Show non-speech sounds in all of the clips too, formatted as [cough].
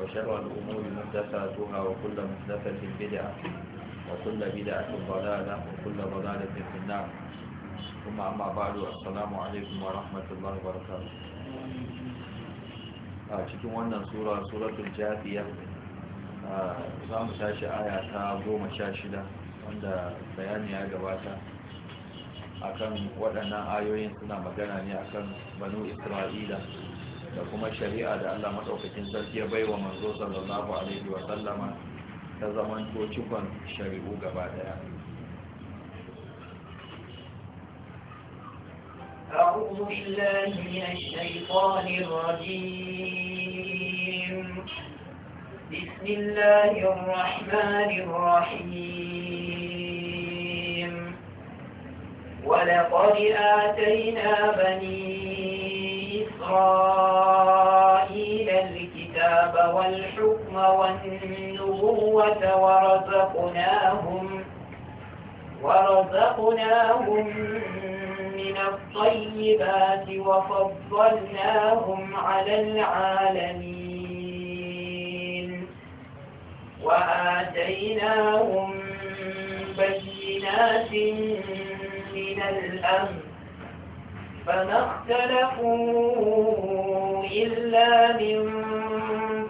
وشر الأمور محدثاتها وكل محدثة بدعة وكل بدعة ضلالة وكل ضلالة في النار ثم أما بعد السلام عليكم ورحمة الله وبركاته cikin wannan sura suratul jafiya za mu tashi aya ta goma sha shida wanda bayani ya gabata akan waɗannan ayoyin suna magana ne akan banu isra'ila da kuma shari'a da Allah madaukakin sarki ya baiwa manzo sallallahu alaihi wa sallama ta zaman to cikon shari'u gaba daya بسم الله الرحمن الرحيم ولقد آتينا بني إسرائيل الكتاب والحكم والنبوة ورزقناهم ورزقناهم من الطيبات وفضلناهم على العالمين وآتيناهم بينات من الأمر فما اختلفوا إلا من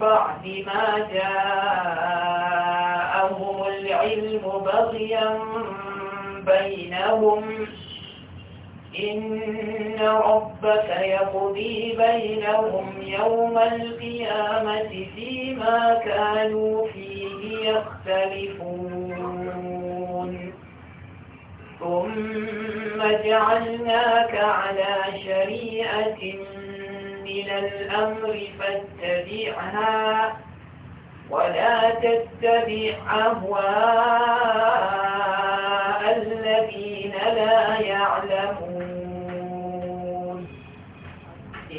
بعد ما جاءهم العلم بغيا بينهم إن ربك يقضي بينهم يوم القيامة فيما كانوا فيه يختلفون ثم جعلناك على شريعة من الأمر فاتبعها ولا تتبع أهواء الذين لا يعلمون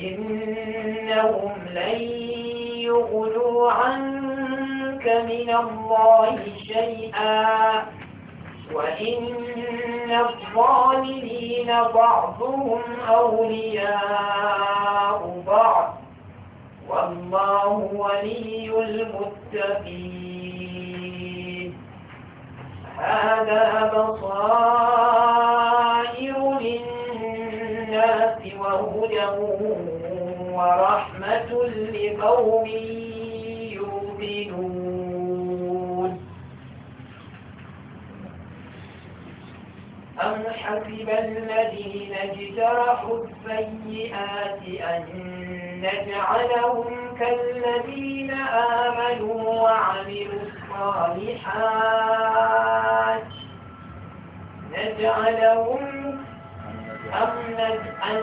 إنهم لن يغنوا عنك من الله شيئا وإن الظالمين بعضهم أولياء بعض والله ولي المتقين هذا بصائر للناس وهدى ورحمة لقوم يؤمنون أم حسب الذين اجترحوا السيئات أن نجعلهم كالذين آمنوا وعملوا الصالحات نجعلهم أم أن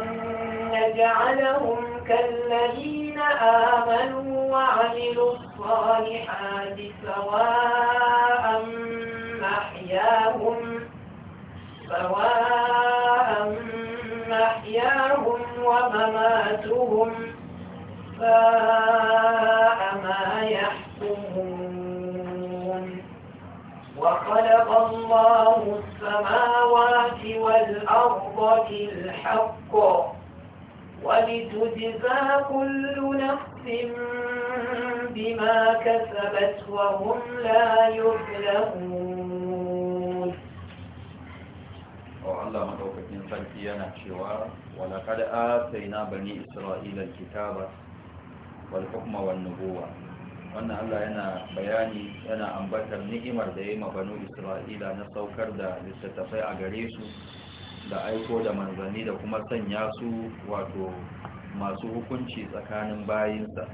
نجعلهم كالذين آمنوا وعملوا الصالحات سواء سَمَاتُهُمْ سَاءَ مَا يَحْكُمُونَ وَخَلَقَ اللَّهُ السَّمَاوَاتِ وَالْأَرْضَ بِالْحَقِّ وَلِتُجْزَى كُلُّ نَفْسٍ بِمَا كَسَبَتْ وَهُمْ لَا يُظْلَمُونَ wa Allah madaukakin sarki yana cewa wa laqad ataina bani isra'ila alkitaba wal hukma wan nubuwa wannan Allah yana bayani yana ambatar ni'imar da yayi ma banu isra'ila na saukar da littattafai a gare su da aiko da manzani da kuma sanya su wato masu hukunci tsakanin bayinsa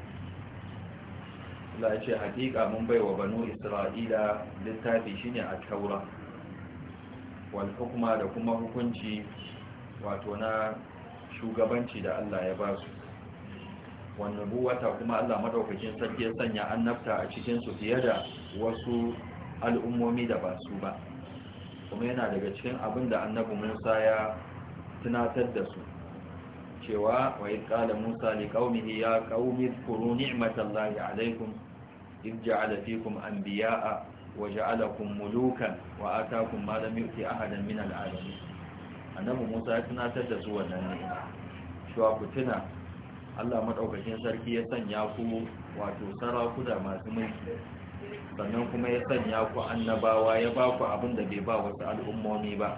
Allah ya ce hakika mun bai wa banu isra'ila littafi shine a taura wal hukuma da kuma hukunci wato na shugabanci da Allah ya ba su wannan buwata kuma Allah madaukakin sarki ya sanya annabta a cikin su fiye da wasu al'ummomi da ba su ba kuma yana daga cikin abin da annabi Musa ya tunatar da su cewa wa ƙala kala Musa liqaumihi ya qaumi zkuru ni'matallahi alaikum, idh ja'ala fikum anbiya'a waja'alakum mulukan wa atakum ma lam yu'ti ahadan min al-'alamin annabi Musa ya tunatar da su wannan ne cewa kutuna Allah madaukakin sarki ya sanya ku wato da masu mulki sannan kuma ya sanya ku annabawa ya ba ku abin da bai ba wasu al'ummomi ba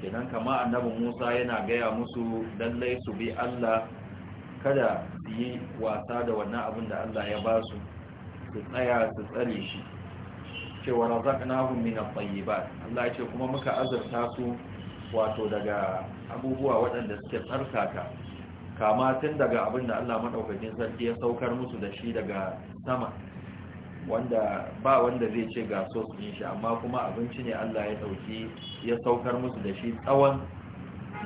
kenan kama annabi Musa yana gaya musu lallai su bi Allah kada su yi wasa da wannan abin da Allah ya ba su su tsaya su tsare shi ce wa razaqnahum min at-tayyibat Allah ya ce kuma muka azurta su wato daga abubuwa waɗanda suke tsarkaka kama tun daga abin da Allah madaukakin sarki ya saukar musu da shi daga sama wanda ba wanda zai ce ga so din shi amma kuma abinci ne Allah ya dauki ya saukar musu da shi tsawon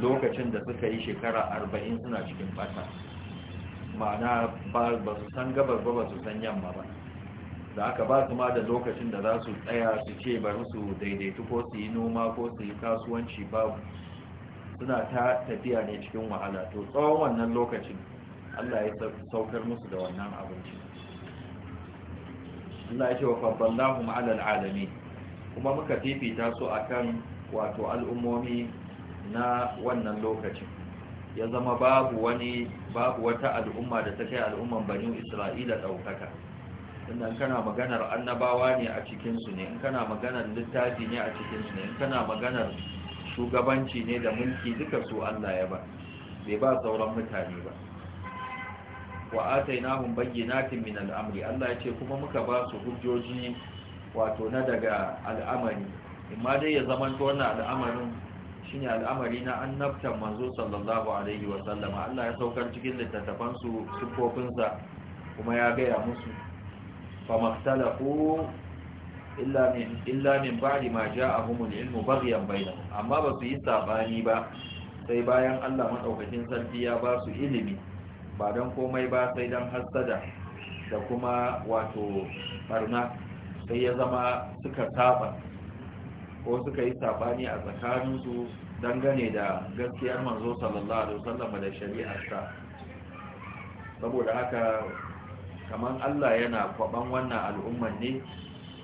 lokacin da suka yi shekara 40 suna cikin fata ma'ana ba su san gabar ba ba su san yamma ba da aka ba su ma da lokacin da za su tsaya su ce bari su daidaitu ko su yi noma ko su yi kasuwanci babu suna ta tafiya ne cikin wahala to tsawon wannan lokacin Allah ya saukar musu da wannan abinci Allah ya ce wa fadallahu ma'alal alami kuma muka fifita su akan wato al'ummomi na wannan lokacin ya zama babu wani babu wata al'umma da ta kai al'umman banu Isra'ila ɗaukaka. sannan kana maganar annabawa ne a cikinsu ne in kana maganar littafi ne a cikinsu ne in kana maganar shugabanci ne da mulki duka su Allah ya ba bai ba sauran mutane ba wa atainahum bayyinatin min al Allah ya ce kuma muka ba su hujjoji wato na daga al'amari imma dai ya zama to wannan al'amarin shine al'amari na annabtan manzo sallallahu alaihi wa sallama Allah ya saukar cikin littattafansu su kuma ya gaya musu famaktalafu illa min illa min ba'di ma ja'ahum al-'ilm baghyan bainahum amma ba su yi sabani ba sai bayan Allah madaukakin sarki ya ba su ilimi ba dan komai ba sai dan hasada da kuma wato barna sai ya zama suka saba ko suka yi saɓani a tsakanin su dangane da gaskiyar manzo sallallahu alaihi wasallam da shari'arsa saboda haka kamar Allah yana kwaban wannan al'umman ne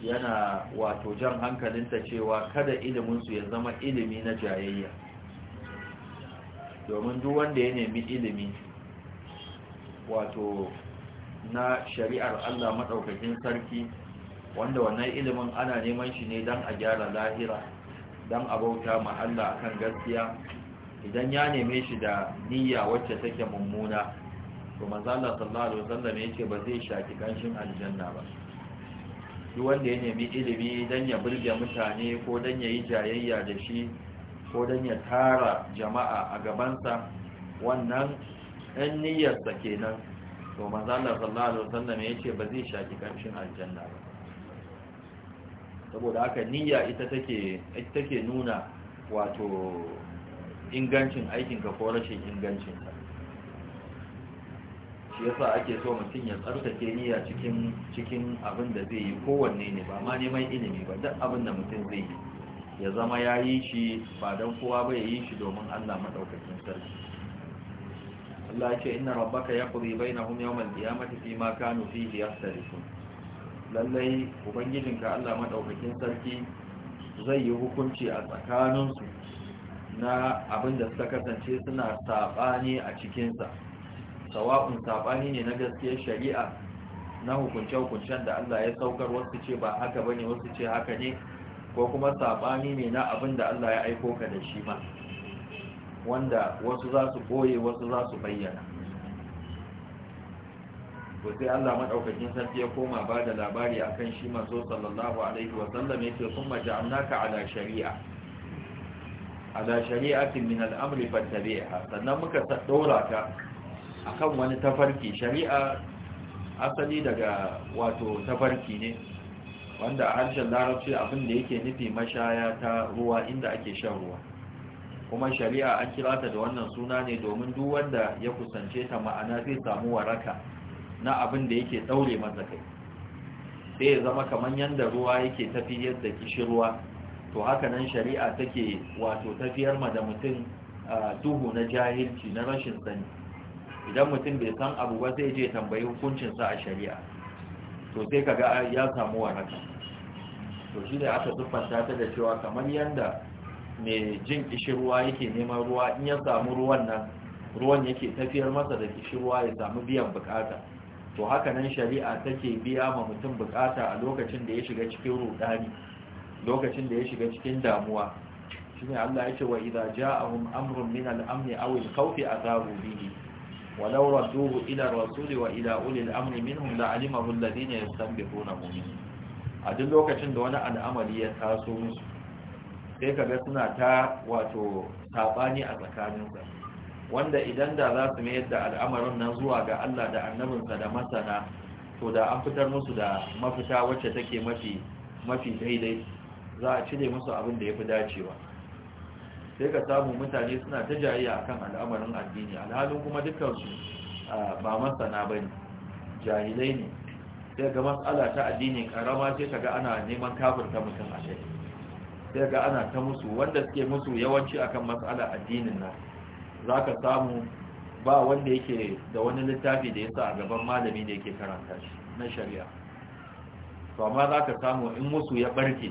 yana wato jan hankalinta cewa kada iliminsu ya zama ilimi na jayayya domin duk wanda ya nemi ilimi wato na shari'ar Allah maɗaukakin sarki wanda wannan ilimin ana neman shi ne don a gyara lahira don a bauta ma Allah akan gaskiya idan ya neme shi da niyya wacce take mummuna to maza Allah sallallahu alaihi wasallam yake ba zai shaki kanshin aljanna ba duk wanda ya nemi ilimi dan ya burge mutane ko dan ya yi jayayya da shi ko dan ya tara jama'a a gabansa wannan ɗan niyyarsa kenan to maza Allah sallallahu alaihi wasallam yake ba zai shaki kanshin aljanna ba saboda haka niyya ita take take nuna wato ingancin aikinka ko rashin ingancinka shi yasa ake so mutum ya tsarkake niyya cikin cikin abin da zai yi kowanne ne ba ma neman ilimi ba duk abin da mutum zai yi ya zama ya yi shi ba don kowa ba ya yi shi domin Allah madaukakin sarki Allah ya ce inna rabbaka yaqdi bainahum yawm al-qiyamati fi ma kanu fihi yahtalifun lallai ubangijinka Allah madaukakin sarki zai yi hukunci a tsakaninsu na abin da suka kasance suna saɓani a cikinsa sawa'un sabani ne na gaskiyar shari'a na hukunce-hukuncen da Allah ya saukar wasu ce ba haka bane wasu ce haka ne ko kuma sabani ne na abin da Allah ya aiko ka da shi ma wanda wasu za su boye wasu za su bayyana ko sai Allah madaukakin sarki ya koma ba da labari akan shi manzo sallallahu alaihi wa yake kuma ja'alnaka ala shari'a ala shari'atin min al-amri fattabi'ha sannan muka dora ka akan wani tafarki shari'a asali daga wato tafarki ne wanda a harshen larabci abin da yake nufi mashaya ta ruwa inda ake shan ruwa kuma shari'a an kira ta da wannan suna ne domin duk wanda ya kusance ta ma'ana zai samu waraka na abin da yake daure masa kai sai ya zama kamar yanda ruwa yake tafiyar da kishirwa to haka nan shari'a take wato tafiyar ma da mutum ah, duhu na jahilci na rashin sani idan mutum bai san abu ba zai je tambayi hukuncinsa a shari'a to sai ka ga ya samu waraka to shi da aka siffanta ta da cewa kamar yadda mai jin kishirwa yake neman ruwa in ya samu ruwan nan ruwan yake tafiyar masa da kishirwa ya samu biyan bukata to haka nan shari'a take biya ma mutum bukata a lokacin da ya shiga cikin rudani lokacin da ya shiga cikin damuwa shine Allah ya ce wa idza ja'ahum amrun min al-amni aw al-khawfi atharu bihi ولو ردوه إلى الرسول وإلى أولي Alima منهم ne ya يستنبطونه منه a duk lokacin da wani al'amari ya taso musu sai kaga suna ta wato sabani a tsakaninsa wanda idan da za su mayar da al'amarin na zuwa ga Allah da annabinsa da masana to da an fitar musu da mafita wacce take mafi mafi daidai za a cire musu abin da ya fi dacewa sai ka samu mutane suna ta jayayya kan al'amarin addini alhalin kuma dukansu ba masana ba ne jahilai ne sai ga matsala ta addini karama sai ka ga ana neman kafirta mutum a kai sai ga ana ta musu wanda suke musu yawanci akan matsala addinin na za ka samu ba wanda yake da wani littafi da ya sa a gaban malami da yake karanta shi na shari'a to amma za ka samu in musu ya barke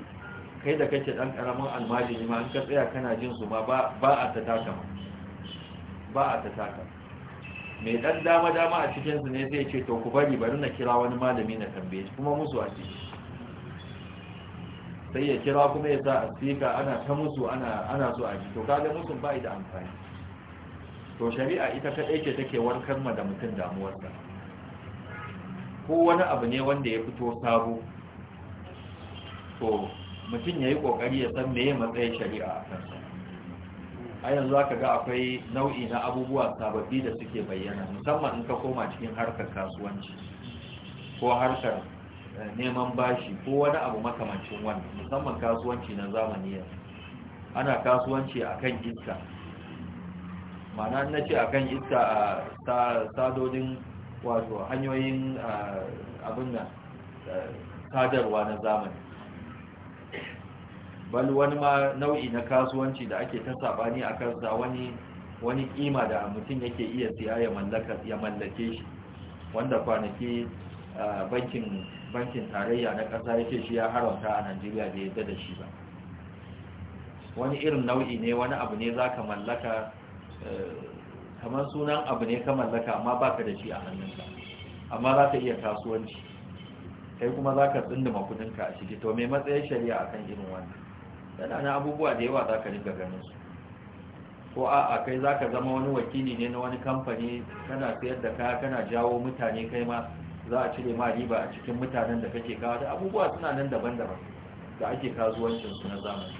kai da kake dan karamin almajiri ma in ka tsaya kana jin su ma ba a ta taka ma ba a ta taka mai dan dama dama a cikin su ne zai ce to ku bari bari na kira wani malami na tambaye shi kuma musu a ciki sai ya kira kuma ya sa a cika ana ta musu ana ana so a ji to kaga musu ba da amfani to shari'a ita kadai ce take warkar ma da mutum damuwarsa ko wani abu ne wanda ya fito sabo to mutum ya yi ƙoƙari ya san meye matsayin shari'a a kansa a yanzu aka ga akwai nau'i na abubuwa sababbi da suke bayyana musamman in ka koma cikin harkar kasuwanci ko harkar eh, neman bashi ko wani abu makamancin wannan musamman kasuwanci na zamani ana kasuwanci a kan iska mana na ce a kan iska a sadodin wato hanyoyin eh, abin nan eh, sadarwa na zamani bal wani ma nau'i na kasuwanci da ake ta sabani a kansa wani wani kima da mutum yake iya siya ya mallaka ya mallake shi wanda kwanaki bankin bankin tarayya na ƙasa yake shi ya haramta a Najeriya da yadda da shi ba wani irin nau'i ne wani abu ne zaka mallaka eh, kamar sunan abu ne ka mallaka amma baka da shi a hannunka amma za ka iya kasuwanci kai kuma za ka tsindima kudinka a ciki to mai matsayin shari'a akan irin wannan yana na abubuwa da yawa za ka riga ganin su ko a kai za ka zama wani wakili ne na wani kamfani kana sayar da kaya kana jawo mutane kai ma za a cire ma riba a cikin mutanen da kake kawo da abubuwa suna nan daban-daban da ake su na zamani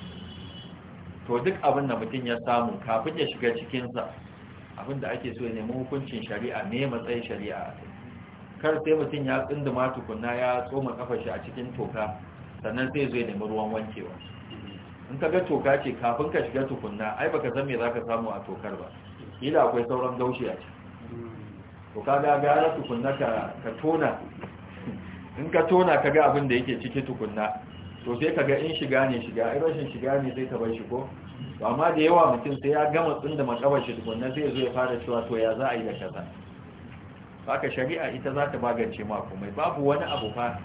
to duk abin da mutum ya samu kafin ya shiga cikinsa abin da ake so ya nemi hukuncin shari'a ne matsayin shari'a kar sai mutum ya tsinduma tukunna ya tsoma kafar shi a cikin toka sannan sai zo ya nemi ruwan wankewa in ka ga toka ce kafin ka shiga tukunna ai baka san me zaka samu a tokar ba ila akwai sauran gaushi a ciki to ga tukunna ka ka tona in ka tona ka ga abin da yake ciki tukunna to sai ka ga in shiga ne shiga ai rashin shiga ne zai ka bar shi ko to amma da yawa mutum sai ya gama tsinda makabar shi tukunna sai zo ya fara cewa to ya za a yi da kaza haka shari'a ita za ta magance ma komai babu wani abu fa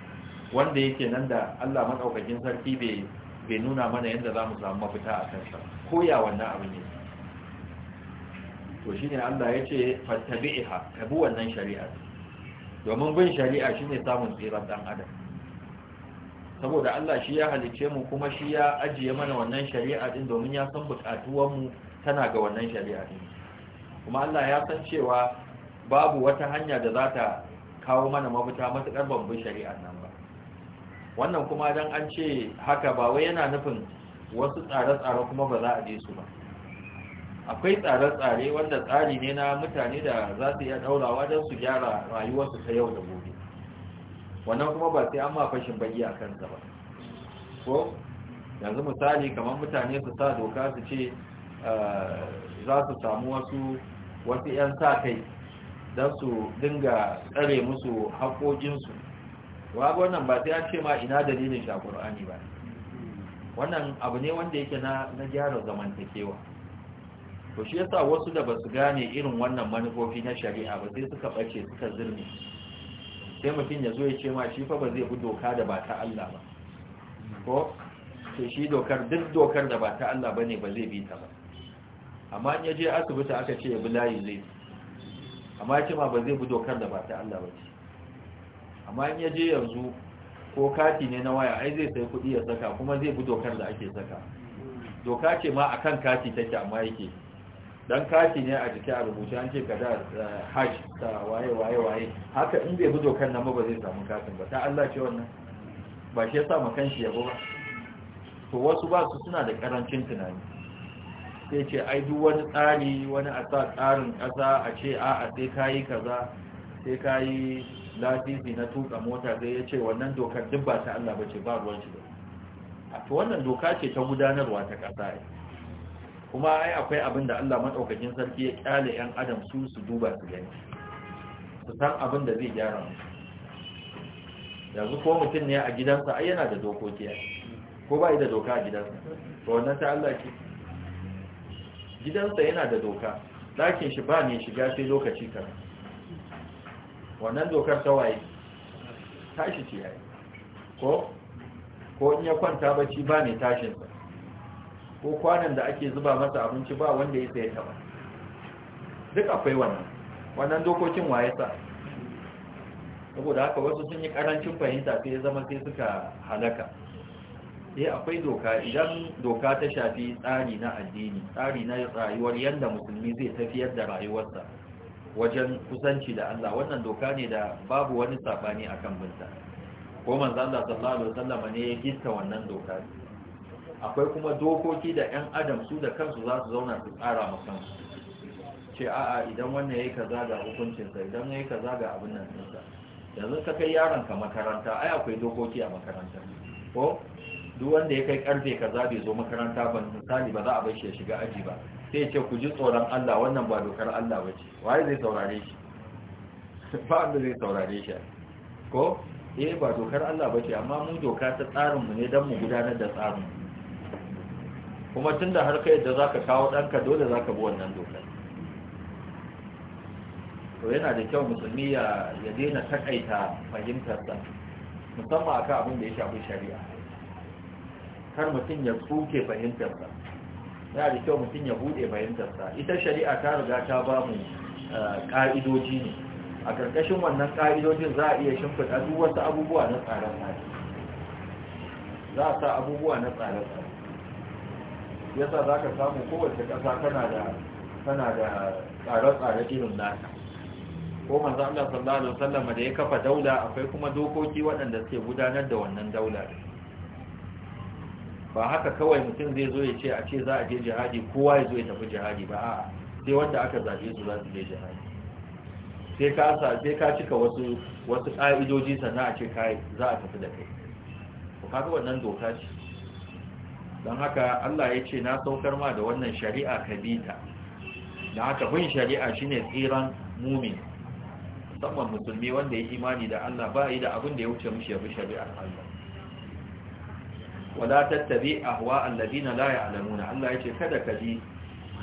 wanda yake nan da Allah madaukakin sarki bai bai nuna mana yadda za mu samu mafita a kansa koya wannan abin ne to shine Allah ya ce fattabi'iha ka bi wannan shari'a domin bin shari'a shine samun tsirar dan adam saboda Allah shi ya halice mu kuma shi ya ajiye mana wannan shari'a din domin ya san bukatuwar mu tana ga wannan shari'a din kuma Allah ya san cewa babu wata hanya da za ta kawo mana mafita matukar ban bin shari'ar nan ba wannan kuma don an ce haka ba wai yana nufin wasu tsare-tsare kuma ba za a je su ba akwai tsare-tsare wanda tsari ne na mutane da za su iya daurawa don su gyara rayuwarsu ta yau da gobe wannan kuma ba sai an ma fashin bayi a kansa ba ko yanzu misali kamar mutane su sa doka su ce eh, za su samu wasu wasu 'yan sa kai don su dinga tsare musu haƙoƙinsu wa wannan ba sai an ce ma ina dalilin shi a Qur'ani ba wannan abu ne wanda yake na na gyara zamantakewa to shi yasa wasu da basu gane irin wannan manufofi na shari'a ba sai suka bace suka zirni sai mutum ya zo ya ce ma shi fa ba zai bi doka da ba ta Allah ba ko sai shi dokar duk dokar da ba ta Allah bane ba zai bi ta ba amma in ya je asibiti aka ce ya bi layi zai amma ya ce ma ba zai bi dokar da ba ta Allah ba ce amma in ya je yanzu ko kati ne na waya ai zai sai kuɗi ya saka kuma zai bi dokar da ake saka doka ce ma akan kati take amma yake dan kati ne a jiki a rubuce an ce kada eh, hajj ta waye waye waye haka in bai bi dokar nan ba zai samu katin ba ta Allah ce wannan ba shi yasa makan shi yabo ba to wasu ba su suna da karancin tunani sai ce ai duk wani tsari wani a sa tsarin kasa a ce a'a sai kayi kaza sai kayi lafifi na tuka mota zai ya ce wannan dokar duk ba ta Allah ba ce ba ruwan shi ba to wannan doka ce ta gudanarwa ta ƙasa ne kuma ai akwai abin da Allah madaukakin sarki ya kyale yan adam su su duba su gani su san abin da zai gyara musu yanzu ko mutum ne a gidansa ai yana da dokoki ko ba da doka a gidansa to wannan ta Allah ce gidansa yana da doka ɗakin shi ba ne shiga sai lokaci kaza wannan dokar ta waye tashi ce yayi ko ko in ya kwanta bacci ba mai tashin sa ko kwanan da ake zuba masa abinci ba wanda ya sai ta ba duk akwai wannan wannan dokokin waye sa saboda haka wasu sun yi karancin fahimta sai ya zama sai suka halaka sai eh, akwai doka idan doka ta shafi tsari na addini tsari na rayuwar yadda musulmi zai tafiyar da rayuwarsa wajen kusanci da Allah wannan doka ne da babu wani sabani akan binta ko manzo Allah sallallahu alaihi wasallam ne ya gitta wannan doka akwai kuma dokoki da ɗan adam su da kansu za su zauna su tsara ma kansu ce a'a idan wannan yayi kaza ga hukuncin sa idan yayi kaza ga abin nan sa yanzu ka kai yaron ka makaranta ai akwai dokoki a makaranta ko duk wanda ya kai karfe kaza bai zo makaranta ba misali ba za a bar shi ya shiga aji ba sai ce ku ji tsoron Allah wannan ba dokar Allah ba ce waye zai saurare shi [laughs] ba wanda zai saurare shi ko eh ba dokar Allah ba ce amma mu doka ta tsarinmu ne don mu gudanar da tsarin kuma tun da har kai da za ka kawo ɗanka dole za ka bi wannan dokar to yana da kyau musulmi ya daina takaita fahimtarsa musamman kan abin da ya shafi shari'a kar mutum ya tsuke fahimtarsa ya da kyau mutum ya buɗe fahimtarsa ita shari'a ta riga ta ba mu eh, ƙa'idoji ne a ƙarƙashin wannan ƙa'idojin za a iya shimfiɗa duk wasu abubuwa na tsare-tsare za a sa abubuwa na tsare tsari yasa za ka samu kowace ƙasa tana da tsare-tsare irin naka ko manzo Allah sallallahu alaihi wasallam da ya kafa daula akwai kuma dokoki waɗanda suke gudanar da wannan daula din ba haka kawai mutum zai zo ya ce a ce za a je jihadi kowa ya zo ya tafi jihadi ba a sai wanda aka zaɓe su za su je jihadi sai ka sai ka cika wasu wasu ƙa'idoji sannan a ce kai za a tafi da kai to kaga wannan doka ce don haka Allah ya ce na saukar ma da wannan shari'a kabita da haka bin shari'a shine tsiran mumin musamman musulmi wanda ya yi imani da Allah ba yi da abin da ya wuce mishi ya bi shari'ar Allah wala tattabi ahwa alladina la ya'lamuna Allah yace kada ka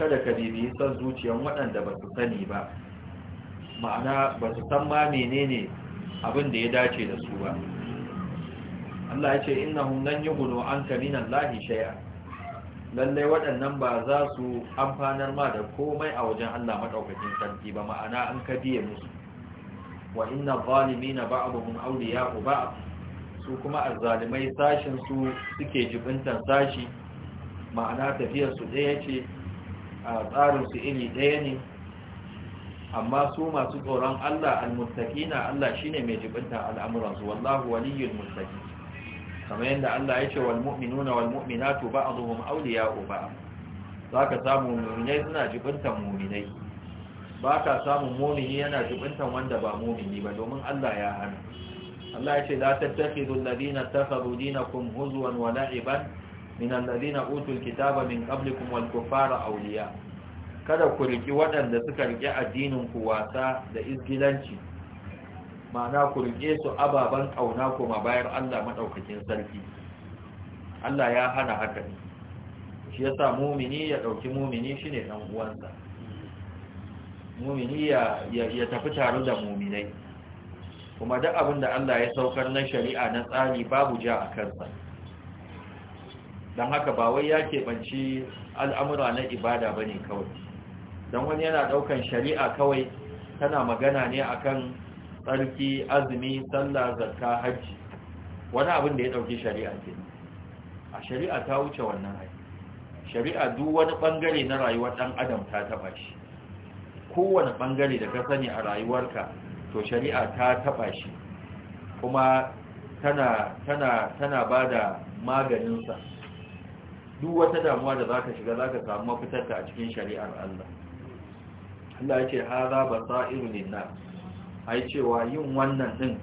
kada ka bibi san zuciyan waɗanda ba su sani ba ma'ana ba su san ma menene abin da ya dace da su ba Allah yace innahum lan yughnu anka min Allahi shay'a lalle waɗannan ba za su amfanar ma da komai a wajen Allah madaukakin sarki ba ma'ana an ka biye musu wa inna zalimina ba'dhum awliya'u ba'd su kuma azzalimai sashin su suke jibintan sashi ma'ana tafiyar su ɗaya ce a tsarin su iri ɗaya ne amma su masu tsoron Allah na Allah shine mai jibintan al'amuran su wallahu waliyyul mustaqin kamar yadda Allah ya ce wal mu'minuna wal mu'minatu ba'dhum awliya'u ba'd zaka samu mu'minai suna jibintan mu'minai ba ka samun mumini yana jibintan wanda ba mumini ba domin Allah ya hana Allah ya ce la tattakhidu alladhina takhadhu dinakum huzwan wa la'iban min alladhina utul kitaba min qablikum wal kuffara awliya kada ku riki waɗanda suka riki addinin ku wasa da izgilanci ma'ana ku rike su ababan kauna kuma bayar Allah madaukakin sarki Allah ya hana haka ne. shi yasa mumini ya dauki mumini shine dan uwansa mumini ya ya tafi tare da muminai kuma duk abin da Allah ya saukar na shari'a na tsari babu ja a kansa don haka ba wai ya keɓanci al'amura na ibada ba ne kawai don wani yana ɗaukan shari'a kawai tana magana ne akan tsarki azumi sallah zakka hajji wani abin da ya ɗauki shari'a ke a shari'a ta wuce wannan hajji shari'a duk wani ɓangare na rayuwar ɗan adam ta taɓa shi kowane ɓangare da ka sani a rayuwarka to shari'a ta taba shi kuma tana tana tana bada maganinsa duk wata damuwa da zaka shiga zaka samu mafitar ta a cikin shari'ar Allah Allah yake haza basairu linnas ai cewa yin wannan din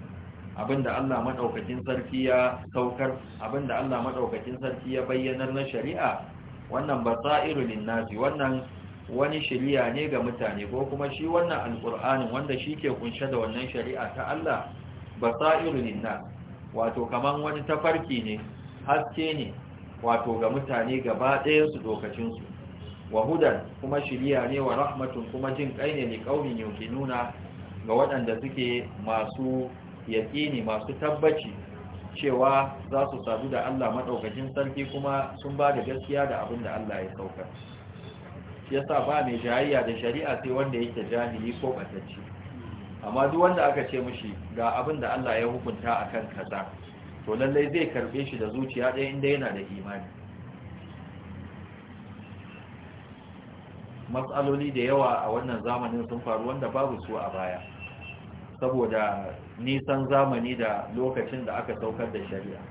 abinda Allah madaukakin sarki ya saukar abinda Allah madaukakin sarki ya bayyanar na shari'a wannan basairu linnas wannan wani shari'a ne ga mutane ko kuma shi wannan alƙur'anin wanda shi ke kunshe da wannan shari'a ta Allah Ba Sa'iru ninna, wato kaman wani tafarki ne haske ne wato ga mutane gaba ɗaya su dokacin su wa hudan kuma shari'a ne wa rahmatun kuma jin kai ne ne yauki nuna ga waɗanda suke masu yaƙini masu tabbaci cewa za su sadu da Allah madaukakin sarki kuma sun ba da gaskiya da abin da Allah ya saukar shi yasa ba mai jayayya da shari'a sai wanda yake jahili ko batacci amma duk wanda aka ce mishi ga abin da Allah ya hukunta akan kaza to lallai zai karbe shi da zuciya ɗaya inda yana da imani matsaloli da yawa a wannan zamanin sun faru wanda babu su a baya saboda nisan zamani da lokacin da aka saukar da shari'a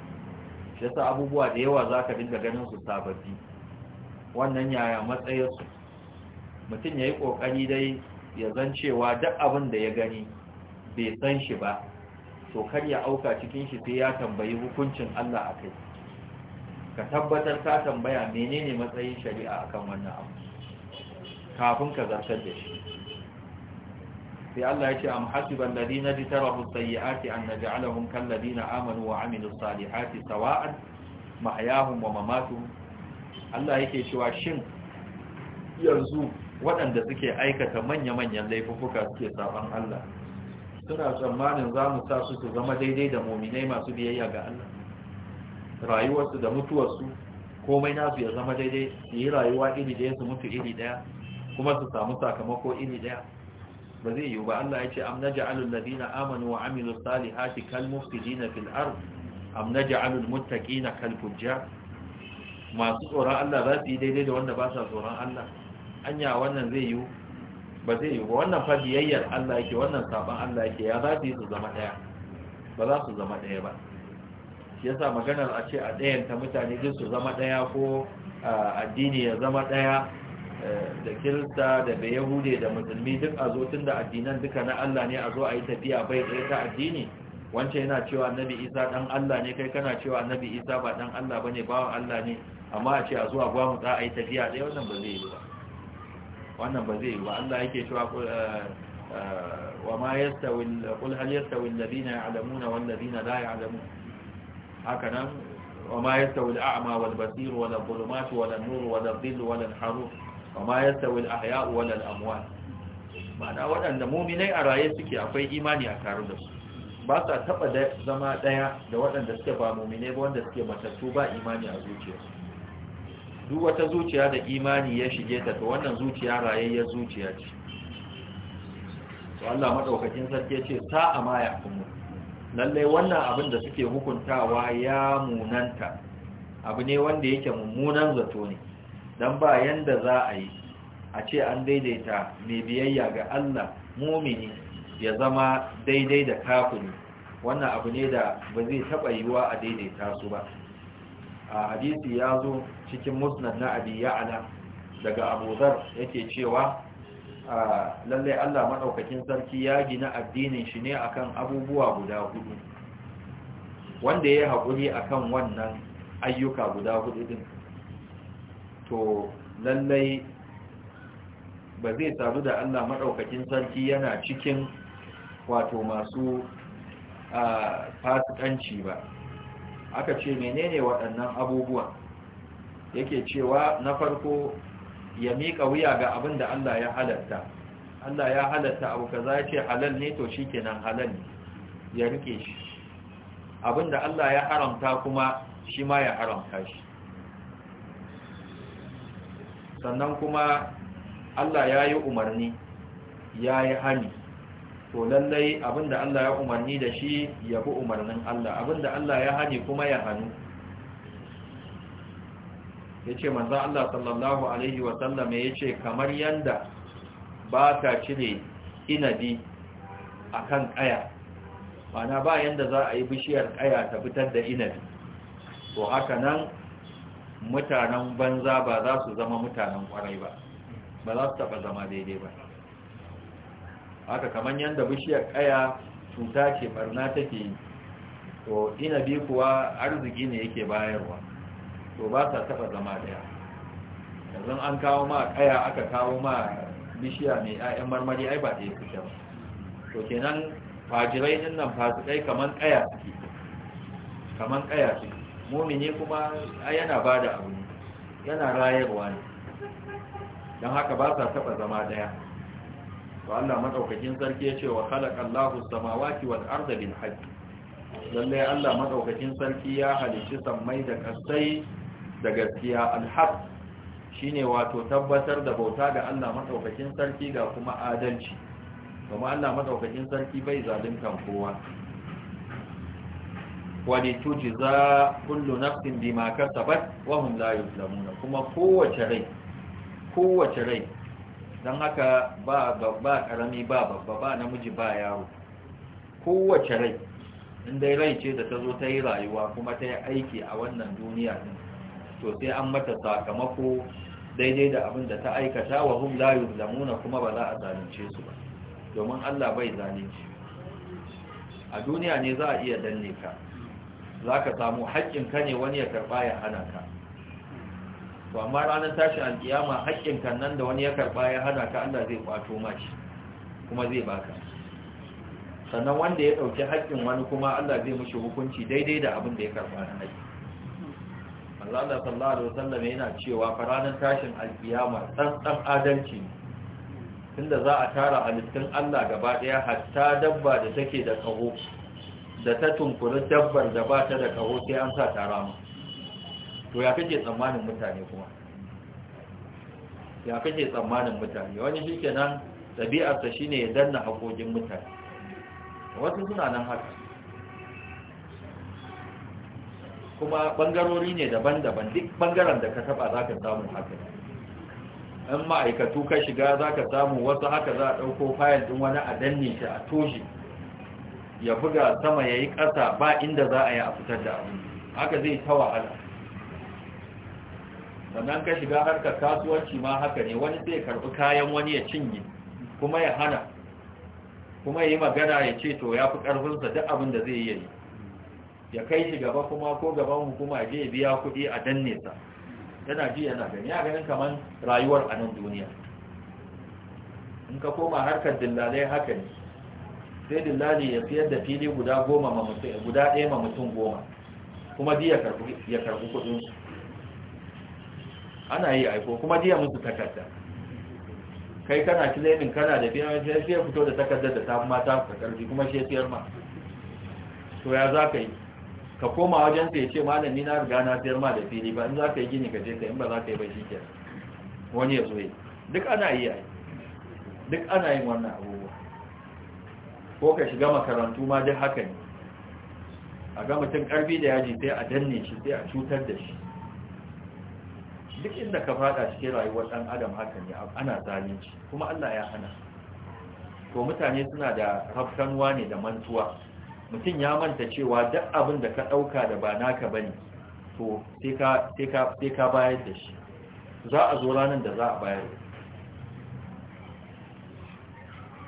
shi yasa abubuwa da yawa za ka dinga ganin su sababbi wannan yaya matsayarsu? mutum ya yi ƙoƙari dai ya zan cewa duk abin da ya gani bai san shi ba to kar ya auka cikin shi sai ya tambayi hukuncin Allah a kai ka tabbatar ka tambaya menene matsayin shari'a akan wannan abu kafin ka zartar da shi sai Allah ya ce am hasiban ladina jitarahu sayyiati an naj'alahum kal ladina amanu wa amilus salihati sawa'an mahyahum wa mamatuhum Allah yake cewa shin yanzu waɗanda suke aikata manya-manyan laifuka suke saban Allah suna tsammanin za mu sa su su zama daidai da mominai masu biyayya ga Allah rayuwarsu da mutuwarsu komai nasu ya zama daidai su yi rayuwa iri ɗaya su mutu iri ɗaya kuma su samu sakamako iri ɗaya ba zai yiwu ba Allah ya ce am naj'alul ladina amanu wa amilus salihati kal mufsidina fil ard am naj'alul muttaqina kal fujjar masu tsoron Allah za su yi daidai da wanda ba sa tsoron Allah anya wannan zai yiwu ba zai yiwu ba wannan fa biyayyar Allah yake wannan saban Allah yake ya za su yi su zama ɗaya ba za su zama ɗaya ba shi yasa maganar a ce a ɗayan ta mutane duk su zama ɗaya ko addini ya zama ɗaya eh, da kirista da bai da musulmi duk a zo tun da addinan duka na Allah ne a zo a yi tafiya bai da ta addini wancan yana cewa annabi isa dan Allah ne kai kana cewa annabi isa ba dan Allah bane bawan Allah ne amma a ce a zuwa gwamu za a yi tafiya ɗaya wannan ba zai yi ba wannan ba zai yi ba Allah yake cewa eh, eh, wa ma yastawi qul hal yastawi alladhina ya'lamuna wal ladina la ya'lamun haka nan wa ma yastawi al'a'ma wal basir wal dhulumat wal nur wal dhill wal haruf wa ma yastawi al ahya' wal amwat ma'ana waɗanda muminai a raye suke akwai imani a tare da su ba sa taɓa zama ɗaya da waɗanda suke ba muminai ba wanda suke matattu ba imani a zuciyarsu duk wata zuciya da imani ya shige ta to wannan zuciya rayayyar zuciya ce to Allah madaukakin sarki yace sa'a ma ya kuma lalle wannan abin da suke hukuntawa ya munanta abu ne wanda yake mummunan zato ne dan ba yanda za a yi a ce an daidaita mai biyayya ga Allah mumini ya zama daidai da kafiri wannan abu ne da ba zai taba yiwa a daidaita su ba a hadisi ya zo cikin musnad na abi ya'ala daga abu zar yake cewa lallai Allah maɗaukakin sarki ya gina addinin shi ne akan abubuwa guda hudu wanda ya haƙuri akan wannan ayyuka guda hudu din to lallai ba zai sadu da Allah maɗaukakin sarki yana cikin wato masu fasikanci ba aka ce menene waɗannan abubuwan yake cewa na farko ya miƙa wuya ga abin da Allah ya halatta Allah ya halatta abu ka za ce halal ne to shikenan halal ne ya rike shi abin da Allah ya haramta kuma shi ma ya haramta shi sannan kuma Allah ya yi umarni ya yi hannu to lallai abinda Allah ya umarni da shi ya bi umarnin Allah abinda Allah ya hani kuma ya hannu yace ce Allah sallallahu Alaihi wa ya ce kamar yanda ba ta cire inabi akan kan ƙaya mana ba yanda za a yi bishiyar ƙaya ta fitar da inabi to haka nan mutanen banza ba za su zama mutanen kwarai ba ba za su taɓa zama daidai ba haka kamar yadda bishiyar kaya cuta ce barna take yi to inabi kuwa arziki ne yake bayarwa to ba sa taba zama daya yanzu an kawo ma kaya aka kawo ma bishiya mai 'ya'yan marmari ai ba ta yi kusa to kenan fajirai din nan kai kaman kaya suke kaman kaya suke mumini kuma yana bada abu yana rayarwa ne don haka ba sa taba zama daya to Allah madaukakin sarki yace wa khalaqallahu samawati wal arda bil haqq lalle Allah madaukakin sarki ya halicci sammai da kasai da gaskiya al haqq shine wato tabbatar da bauta ga Allah madaukakin sarki ga kuma adalci kuma Allah madaukakin sarki bai zaluntan kowa wani tuji za kullu nafsin bima kasabat wa hum la yuzlamuna kuma kowace rai kowace rai don haka ba babba karami ba babba ba namiji ba yaro kowace rai dai rai ce da ta zo ta yi rayuwa kuma ta yi aiki a wannan duniya din to sai an mata sakamako daidai da abin da ta aikata wa hum da yuzlamuna kuma ba za a zalunce su ba domin Allah bai zalunci a duniya ne za a iya danne ka za ka samu haƙƙinka ne wani ya karɓa ya hana ka to amma ranar tashi alkiyama haƙƙin kan nan da wani ya karɓa ya hana ka Allah zai kwato mashi kuma zai baka sannan wanda ya ɗauki haƙƙin wani kuma Allah zai mushi hukunci daidai da abin da ya karɓa na haƙƙi Allah da sallallahu alaihi wasallam yana cewa fa ranar tashin alkiyama tsantsan adalci tunda za a tara halittun Allah gaba ɗaya hatta dabba da take da kaho da ta tunkuri dabbar da ba ta da kaho sai an sa ta rama. to ya kake tsammanin mutane kuma ya kake tsammanin mutane wani shi kenan ɗabi'arsa shi ne ya danna haƙoƙin mutane wasu suna nan haka kuma ɓangarori ne daban-daban duk ɓangaren da ka taɓa za ka samu haka in ma'aikatu ka shiga za ka samu wasu haka za a ɗauko fayil ɗin wani a danne shi a toshe ya buga sama ya yi ƙasa ba inda za a yi a fitar da abu haka zai ta wahala sannan ka shiga harkar kasuwanci ma haka ne wani zai karbi kayan wani ya cinye kuma ya hana kuma ya yi magana ya ce to ya fi ƙarfinsa duk abin da zai yi ya kai shi gaba kuma ko gaban hukuma je ya biya kuɗi a danne sa yana ji yana gani ya ganin kamar rayuwar a nan duniya in ka koma harkar dillalai haka ne sai dillali ya siyar da fili guda goma ma mutum guda ɗaya ma mutum goma kuma ji ya karɓi kuɗinsu ana yi aiko kuma jiya musu takarda kai kana claiming kana da biyan sai sai fito da takardar da ta mata ka karfi kuma shi sayar ma to ya za ka yi ka koma wajen sai ce malami na riga na siyar ma da fili ba in za ka yi gini ka je ka in ba za ka yi ba shi ke wani ya zo yi duk ana yi ai duk ana yin wannan abubuwa ko ka shiga makarantu ma duk haka ne a ga mutum karfi da yaji sai a danne shi sai a cutar da shi duk inda ka fada cikin rayuwar dan adam haka ne ana zalunci kuma Allah ya hana to mutane suna da hafsanwa ne da mantuwa mutum ya manta cewa duk abin da ka dauka da ba naka bane to sai ka sai ka sai ka bayar da shi za a zo ranar da za a bayar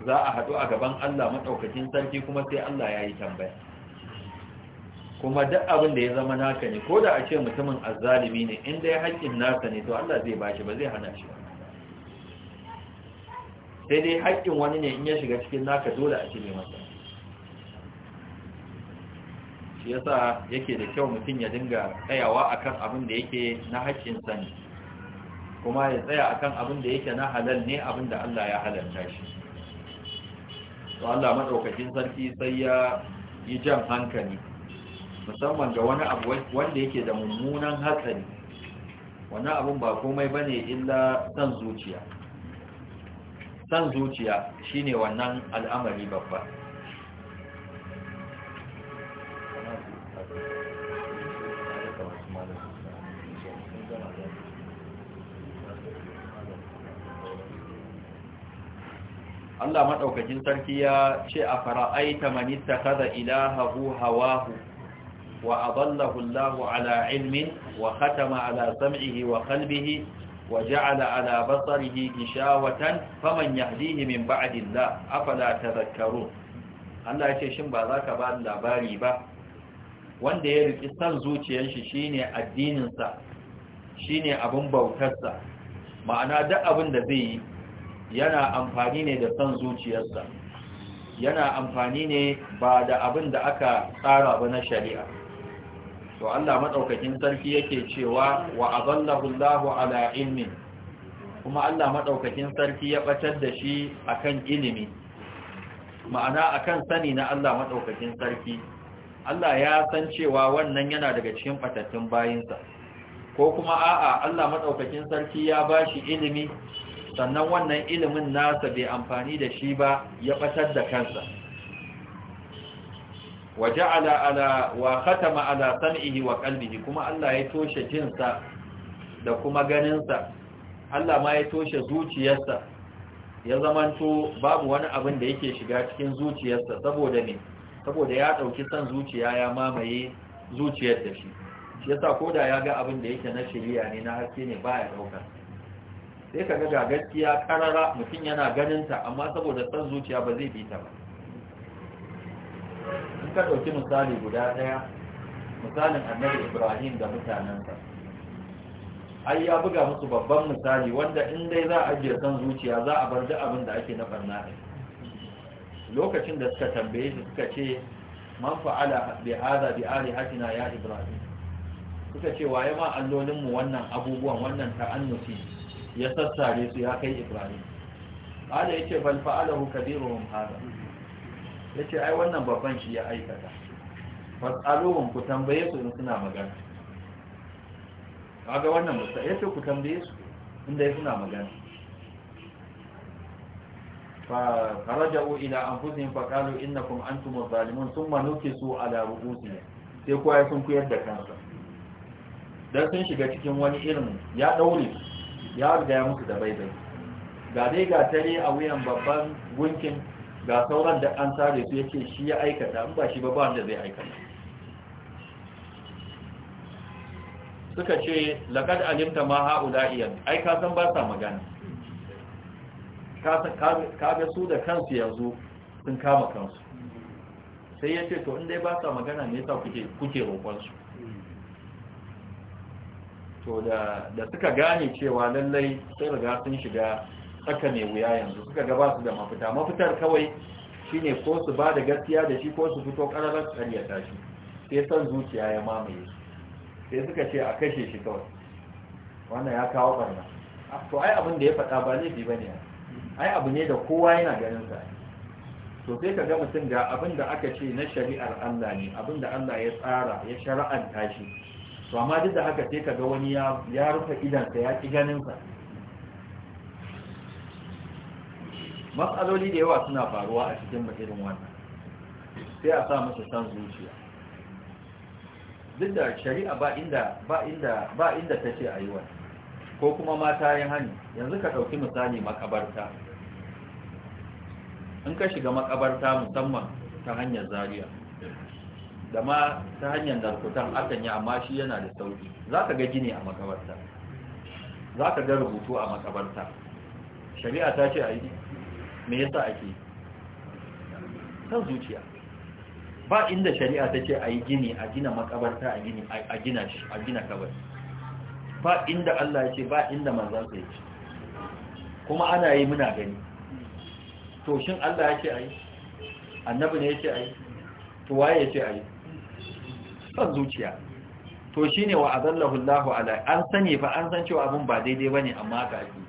za a haɗu a gaban Allah maɗaukacin sarki kuma sai Allah ya yi tambaya kuma duk abin da ya zama naka ne ko da a ce mutumin azzalimi ne inda ya haƙƙin nasa ne to Allah zai bashi ba zai hana shi sai dai haƙƙin wani ne in ya shiga cikin naka dole a cire masa shi yasa yake da kyau mutum ya dinga tsayawa akan abin da yake na haƙƙin sani kuma ya tsaya akan abin da yake na halal ne abin da Allah ya halarta shi to Allah madaukakin sarki sai ya yi jan hankali musamman ga wani abu wanda yake da mummunan hatsari wani abun ba komai ba ne illa san zuciya san zuciya shi ne wannan al'amari babba Allah maɗaukacin sarki ya ce a fara'aita manista kada hawa hu وأضله الله على علم وختم على سمعه وقلبه وجعل على بصره غشاوة فمن يهديه من بعد الله أفلا تذكرون Allah ya ce shin ba za ka ba labari ba wanda ya riki san zuciyar shine addininsa shine abin bautarsa ma'ana duk abin da zai yi yana amfani ne da san zuciyarsa yana amfani ne ba da abin da aka tsara ba na shari'a to Allah madaukakin sarki yake cewa wa adallahu Allahu ala ilmi kuma Allah madaukakin sarki ya batar da shi akan ilimi ma'ana akan sani na Allah madaukakin sarki Allah ya san cewa wannan yana daga cikin batattun bayinsa ko kuma a'a Allah madaukakin sarki ya bashi ilimi sannan wannan ilimin nasa bai amfani da shi ba ya batar da kansa wa ja'ala ala wa khatama ala sam'ihi wa qalbihi kuma Allah ya toshe jinsa da kuma ganinsa Allah ma ya toshe zuciyarsa ya zamanto babu wani abin da yake shiga cikin zuciyarsa saboda ne saboda ya dauki san zuciya ya mamaye zuciyar da shi shi yasa koda ya ga abin da yake na shiriya ne na haske ne baya dauka sai ka ga gaskiya karara mutum yana ganinta amma saboda san zuciya ba zai bi ta ba ka ɗauki misali guda ɗaya misalin annabi ibrahim da mutanensa ai ya buga musu babban misali wanda in dai za a ajiye san zuciya za a bar duk abin da ake na barna lokacin da suka tambaye shi suka ce man fa'ala bi hadha bi alihatina ya ibrahim suka ce waye ma allolin mu wannan abubuwan wannan ta'annusi ya sassare su ya kai ibrahim qala yace bal fa'alahu kabiruhum hadha ya ce ai wannan babban shi ya aikata fasalohun ku tambaye su in suna magana kaga wannan musa ya ce ku tambaye su inda ya suna magana fa faraja'u ila kuma an tumo zalimin sun adh-dhalimun su a ala ne sai ya sun kuyar da kansa Don sun shiga cikin wani irin ya daure ya riga ya mutu da baibai ga dai ga tare a wuyan babban gunkin ga sauran da an sare su yake shi ya aikata ba shi ba wanda zai aikata suka ce laqad alimta ma haula'iyan ai ka san ba sa magana ka ga su da kansu yanzu sun kama kansu sai ya ce to in dai ba sa magana ne yasa kuke kuke su to da suka gane cewa lallai sai riga sun shiga tsaka ne wuya yanzu suka gaba su da mafita mafitar kawai shine ko su ba da gaskiya da shi ko su fito ƙararrar ta shi sai son zuciya ya mamaye sai suka ce a kashe shi kawai wannan ya kawo barna ah, to ai abin da ya faɗa ba ne ba ne ai abu ne da kowa yana ganin sa to sai ka ga mutum ga abin da aka ce na shari'ar Allah ne abin da Allah ya tsara ya shari'anta shi to amma duk da haka sai ka ga wani ya rufe sa ya ki ganin sa matsaloli da yawa suna faruwa a cikin irin wannan sai a sa musu san zuciya duk da shari'a ba inda ba inda ba inda ta ce a yi wani ko kuma mata yin hani yanzu ka ɗauki misali makabarta in ka shiga makabarta musamman ta hanyar zariya da ma ta hanyar narkutan akan yi amma shi yana da sauki za ka ga gini a makabarta za ka ga rubutu a makabarta shari'a ta ce a yi me yasa ake san zuciya ba inda shari'a ta ce a yi gini a gina makabarta a gini a gina shi a gina kabar ba inda Allah ya ce ba inda manzan sai ya ce kuma ana yi muna gani to shin Allah ya ce a yi annabi ne ya ce a yi to waye ya ce a yi san zuciya to shine wa azallahu Allah ala an sani fa an san cewa abin ba daidai bane amma ka yi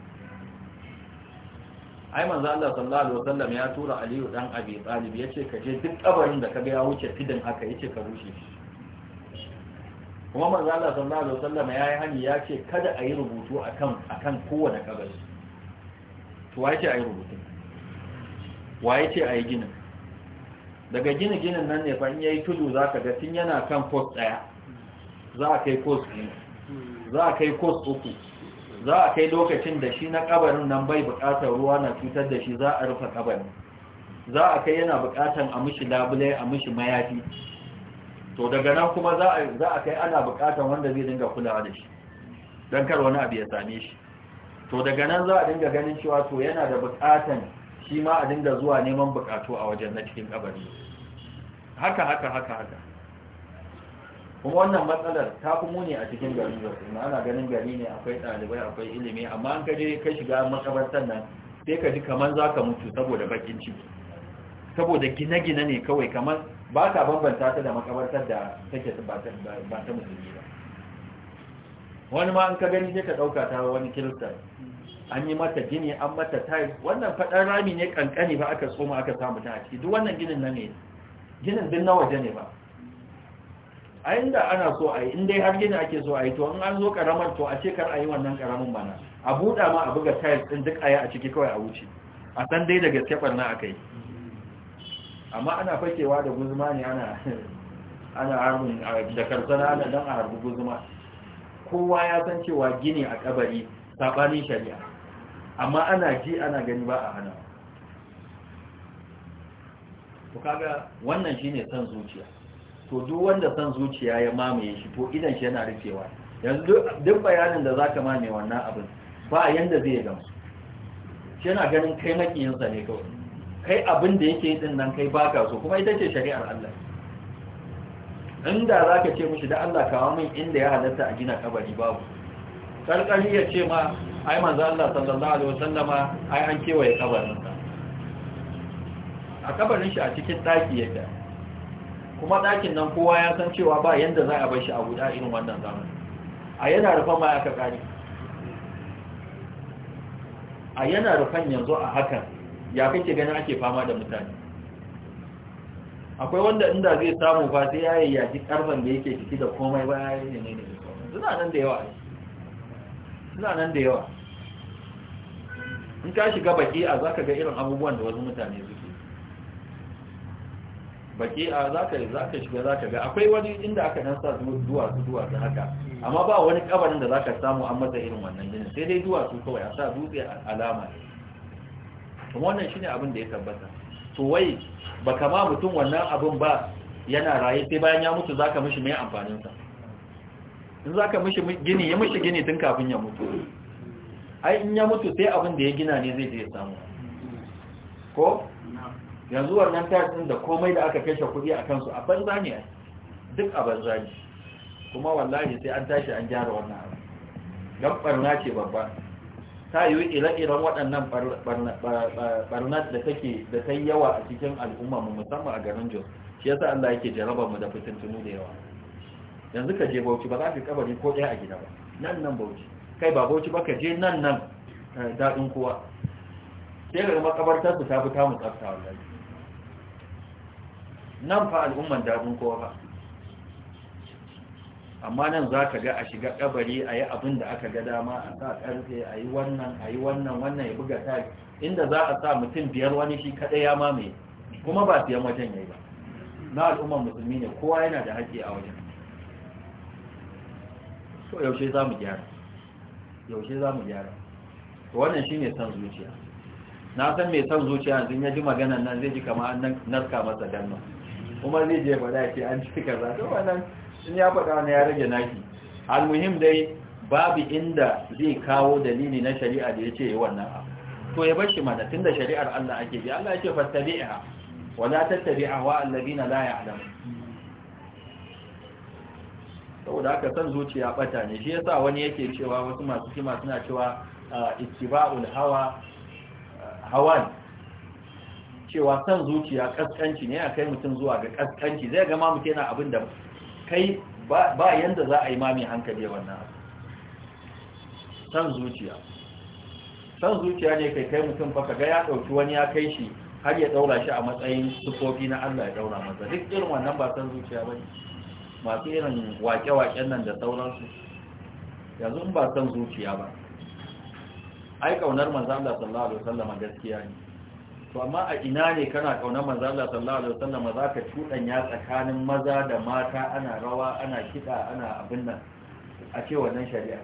ai manzo Allah sallallahu alaihi wasallam ya tura Aliyu dan Abi Talib yace ka je duk kabarin da ka ga ya wuce fidin haka yace ka rushe shi kuma manzo Allah sallallahu alaihi wasallam ya yi hani ya ce kada a yi rubutu akan akan kowane kabari to wai ce a yi rubutu wai ce a yi ginin daga gini ginin nan ne fa in yayi tudu zaka ga tun yana kan post daya za a kai post biyu za a kai post uku za a kai lokacin da shi na kabarin nan bai bukatar ruwa na cutar da shi za a rufe kabarin za a kai yana bukatar a mishi labule a mishi mayafi to daga nan kuma za a kai ana bukatar wanda zai dinga kulawa da shi don kar wani abu ya same shi to daga nan za a dinga ganin cewa to yana da bukatar shi ma a dinga zuwa neman bukatu a wajen na cikin kabari haka haka haka haka kuma wannan matsalar ta fi muni a cikin garin jos ina ana ganin gari ne akwai ɗalibai akwai ilimi amma an kaje ka shiga makabartar nan sai ka ji kamar za ka mutu saboda bakin ciki saboda gine-gine ne kawai kamar ba ka bambanta ta da makabartar da take ba ta musulmi ba wani ma an ka gani sai ka ɗauka ta wani kirista an yi mata gini an mata tiles wannan faɗar rami ne kankani ba aka tsoma aka samu ta a ciki duk wannan ginin na ne ginin din na waje ne ba a inda ana so a yi in dai har gini ake so a yi to in an zo karamar to a ce kar a yi wannan karamin bana a buɗa ma a buga tiles ɗin duk a yi a ciki kawai a wuce a san dai da gaske na a kai. amma ana fakewa da guzuma ne ana [laughs] ana harbin da karsana ana dan a harbi guzuma kowa ya san cewa gini a kabari saɓanin shari'a amma ana ji ana gani ba a hana ku kaga wannan shine son zuciya to duk wanda san zuciya ya mamaye shi to idan shi yana rufewa yanzu duk bayanin da zaka mamaye wannan abin ba yanda zai gamsu shi yana ganin kai makiyinsa ne kawai kai abin da yake din nan kai baka so kuma ita ce shari'ar Allah inda zaka ce mishi da Allah kawo min inda ya halatta a gina kabari babu Kalkali ya ce ma ai manzo Allah sallallahu alaihi wasallama ai an kewaye kabarin sa a kabarin shi a cikin daki yake kuma ɗakin nan kowa ya san cewa ba yadda za a bar shi a guda irin wannan zamani a yana rufan ma aka ƙari a yana rufan yanzu a hakan ya kake ganin ake fama da mutane akwai wanda inda zai samu ba sai ya yi yaji ƙarfan da yake ciki da komai ba ya yi ne ne suna nan da yawa suna nan da yawa in ka shiga baki a za ka ga irin abubuwan da wasu mutane zuwa baki'a zaka zaka shiga zaka ga akwai wani inda aka dan sa duwa su haka amma ba wani kabarin da zaka samu an matsa irin wannan ginin sai dai duwatsu su kawai a sa dutse alama kuma wannan shine abin da ya tabbata to wai ba kama mutum wannan abin ba yana raye sai bayan ya mutu zaka mishi mai amfanin sa in zaka mishi gini ya mishi gini tun kafin ya mutu ai in ya mutu sai abin da ya gina ne zai je ya samu ko yanzu wannan tax da komai da aka kashe kuɗi a kansu a banza ne duk a banza ne kuma wallahi sai an tashi an gyara wannan abu don barna ce babba ta yi ire-iren waɗannan barnar da take da ta yawa a cikin al'umma mu musamman a garin jos shi yasa Allah yake jaraba mu da fitintunu da yawa yanzu ka je bauchi ba za ka kabari ko ɗaya a gida ba nan nan bauchi kai ba bauchi ba ka je nan nan eh, daɗin kowa sai ga makabartar su ta fi tamu tsafta wallahi nan fa al'umman dabin kowa ba amma nan za ka ga a shiga kabari a yi abin da aka ga dama a sa karfe a yi wannan a yi wannan wannan ya buga tari inda za a sa mutum biyar wani shi kaɗai ya mamaye kuma ba siyan wajen ya yi ba na al'umman musulmi ne kowa yana da haƙƙi a wajen so yaushe za mu gyara yaushe za mu gyara wannan shi ne son zuciya na san mai son zuciya yanzu ya ji maganan nan zai ji kama an naska masa dannan. kuma zai je faɗa ce an ci kaza su. wannan in ya faɗa wani ya rage naki almuhim dai babu inda zai kawo dalili na shari'a da ya ce yi wannan abu to ya bar shi mana da shari'ar Allah ake bi Allah ya ce fattabi'a wala tattabi'a wa a la Sau saboda haka san zuciya bata ne shi yasa wani yake cewa wasu masu kima suna cewa ah, ittiba'ul hawa hawan cewa san zuciya kaskanci ne a kai mutum zuwa ga kaskanci zai gama mutum yana abin da kai ba yanda za a yi mami hankali wannan san zuciya san zuciya ne kai kai mutum fa kaga ya dauki wani ya kai shi har ya daura shi a matsayin sufofi na Allah ya daura masa duk irin wannan ba san zuciya ne, masu irin wake-waken nan da sauransu yanzu ba san zuciya ba ai kaunar manzo Allah sallallahu alaihi wasallam gaskiya ne to amma a ina ne kana kaunar manzo Allah sallallahu alaihi wasallam za ka tudanya tsakanin maza da mata ana rawa ana kida ana abin nan a ce wannan shari'a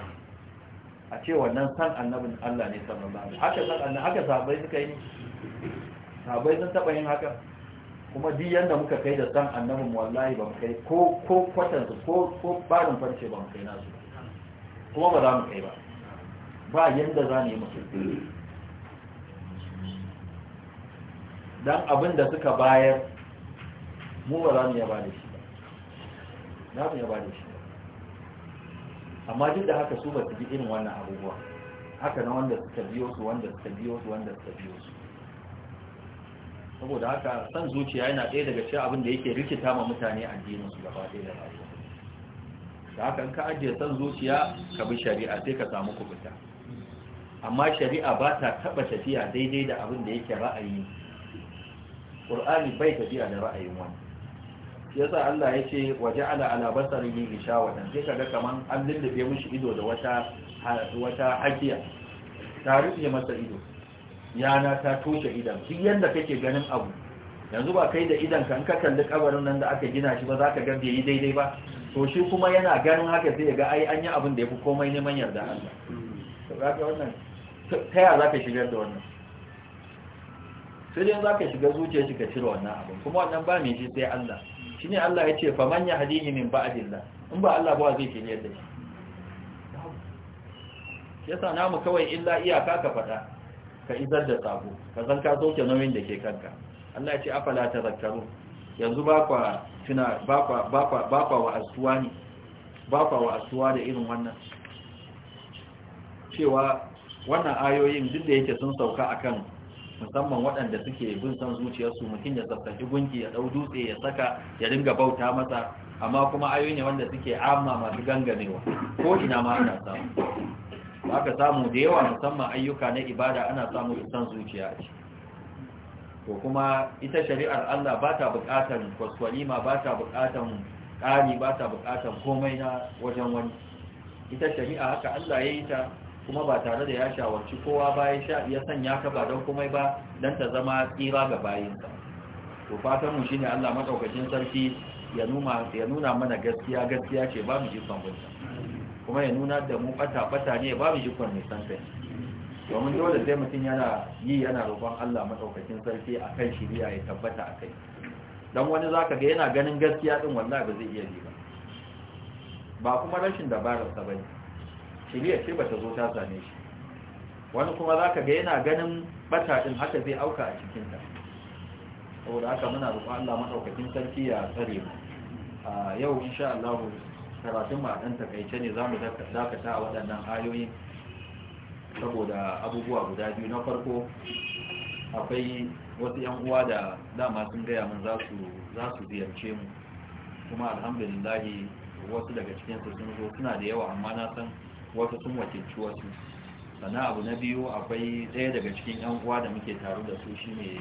a ce wannan san annabin Allah ne sallallahu alaihi haka san annabi haka sahabbai suka yi sahabbai sun taba yin haka kuma duk yanda muka kai da san annabin wallahi ba mu kai ko ko kwatan ko ko barin farce ba mu kai nasu kuma ba za mu kai ba ba yanda za mu yi musu don abin da suka bayar mu ba za mu yaba da shi ba za mu yaba da shi ba amma duk da haka su ba su ji irin wannan abubuwa haka na wanda suka biyo su wanda suka biyo su wanda suka biyo su saboda haka san zuciya yana ɗaya daga cikin abin da yake rikita ma mutane addinin su gaba ɗaya da rayuwa da haka ka ajiye san zuciya ka bi shari'a sai ka samu kubuta amma shari'a ba ta taɓa tafiya daidai da abin da yake ra'ayi qur'ani bai tafiya da ra'ayin wani yasa Allah ya ce waje ala ala basarihi gishawatan sai kaga kaman an lullube mushi ido da wata wata hakiya ta rufe masa ido yana ta toshe idan duk yanda kake ganin abu yanzu ba kai da idan ka ka kalli kabarin nan da aka gina shi ba za ka ga bai daidai ba to shi kuma yana ganin haka sai ya ga ai an yi abin da ya komai neman yarda Allah to ta ya za shigar da wannan sai dai zaka shiga zuciyar shi ka cire wannan abin kuma wannan ba mai shi sai Allah Shi ne Allah ya ce fa man hadihi min ba'dillah in ba Allah ba zai shirye da shi sa namu kawai illa iyaka ka fada ka izar da sabo ka zan ka soke nauyin da ke kanka Allah ya ce afala tazakkaru yanzu ba kwa tuna ba kwa ba kwa ba kwa wa asuwa ne ba kwa wa asuwa da irin wannan cewa wannan ayoyin duk da yake sun sauka akan musamman waɗanda suke bin san zuciyarsu mutum ya tsaftaci gunki ya ɗau dutse ya saka ya dinga bauta masa amma kuma ayo ne wanda suke amma masu gangamewa ko ina ma ana samu ba ka samu da yawa musamman ayyuka na ibada ana samu san zuciya a ko kuma ita shari'ar Allah ba ta buƙatar kwaswalima ba ta buƙatar ƙari ba ta buƙatar komai na wajen wani ita shari'a haka Allah ya yi ta kuma ba tare da ya shawarci kowa bayan sha ya sanya ka ba don komai ba don ta zama tsira ga bayinka to fatanmu shi ne allah maɗaukacin sarki ya nuna mana gaskiya gaskiya ce ba mu jikon bunta kuma ya nuna da mu ɓata-ɓata ne ba mu jikon nisan kai domin dole sai mutum yana yi yana roƙon allah maɗaukacin sarki a kan shirya ya tabbata a kai don wani za ka ga yana ganin gaskiya ɗin wallahi ba zai iya yi ba ba kuma rashin dabararsa ba ne shirya ce ta zo ta same shi wani kuma za ka ga yana ganin bata ɗin haka zai auka a cikinta saboda haka muna rufa Allah maɗaukakin sarki ya tsare mu a yau insha Allah karatun ma a ɗan takaice ne za mu dakata a waɗannan ayoyin saboda abubuwa guda biyu na farko akwai wasu yan uwa da dama sun gaya min za su za su ziyarce mu kuma alhamdulillah wasu daga cikin su sun zo suna da yawa amma na san wasu sun wakilci wasu sannan abu na biyu akwai ɗaya daga cikin yan uwa da muke taro da su shi ne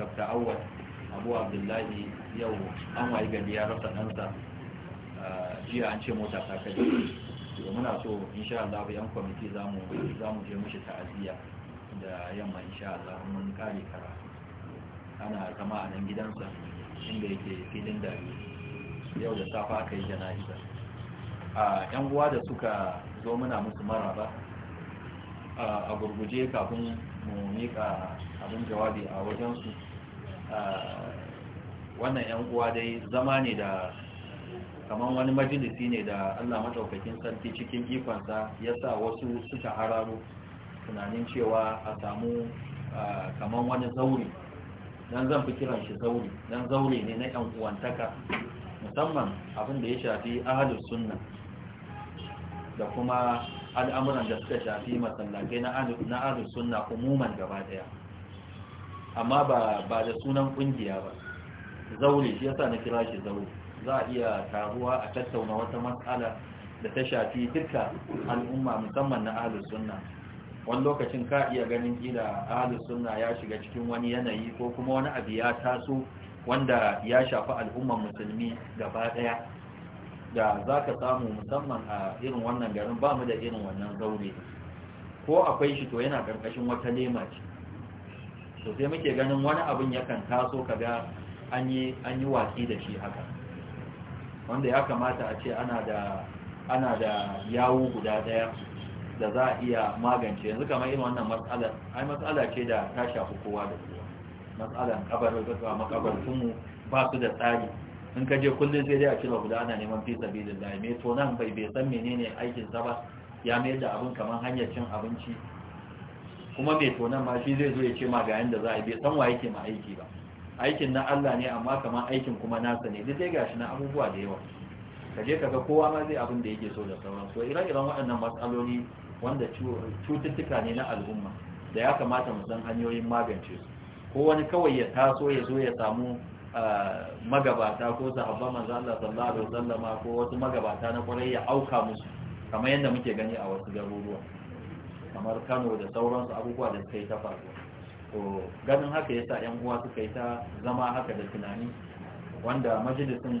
dr awad abu abdullahi yau an wayi gari ya rasa ɗansa jiya an ce mota ta kai muna so insha Allah yan kwamiti za mu je mushi ta'aziyya da yamma insha Allah mun kare kara ana zama a nan gidansa inda yake filin dari yau da safa aka yi jana'iza a yan uwa da suka zo muna musu maraba a gurguje kafin mu nika abin jawabi a wajensu wannan yan uwa dai zama ne da kamar wani majalisi ne da allah maɗaukakin sarki cikin ikonsa ya sa wasu suka hararo tunanin cewa a samu kamar wani zauri don zan fi kiran shi zauri don zauri ne na yan uwantaka musamman abin da ya shafi ahalus sunna da kuma al'amuran da suka shafi masallatai na ahlus sunna umuman gaba daya amma ba ba da sunan kungiya ba zaure shi yasa na kira shi zaure za a iya taruwa a tattauna wata matsala da ta shafi duka al'umma musamman na ahlus sunna wani lokacin ka iya ganin kila ahlus sunna ya shiga cikin wani yanayi ko kuma wani abu ya taso wanda ya shafi al'umman musulmi gaba daya da za ka samu musamman a irin wannan garin ba mu da irin wannan zaune ko akwai shi to yana ƙarƙashin wata lema ce to sai muke ganin wani abin yakan taso kaga an yi watsi da shi haka wanda ya kamata a ce ana da yawo yawu guda daya da za a iya magance yanzu kamar irin wannan matsalar ai matsala ce da ta shafi kowa da kowa matsalar kabarin makabartunmu ba su da tsari in ka je kullum sai dai a kira guda ana neman fisa sabilin da mai to nan bai bai san menene aikin sa ba ya mai da abin kamar hanyar cin abinci kuma mai to nan ma shi zai zo ya ce ma ga yanda za a bai san wa yake ma aiki ba aikin na Allah ne amma kamar aikin kuma nasa ne duk dai gashi na abubuwa da yawa ka je kaga kowa ma zai abin da yake so da sauran so ire-iren waɗannan matsaloli wanda cututtuka ne na al'umma da ya kamata mu san hanyoyin magance su ko wani kawai ya taso ya zo ya samu Eh, magabata ko sahabban manzo Allah sallallahu alaihi wasallama ko wasu magabata na kwarai ya auka musu kamar yadda muke gani a wasu garuruwa kamar Kano da sauransu abubuwa da suka yi ta faru to ganin haka yasa yan uwa suka yi ta zama haka da tunani wanda majalisin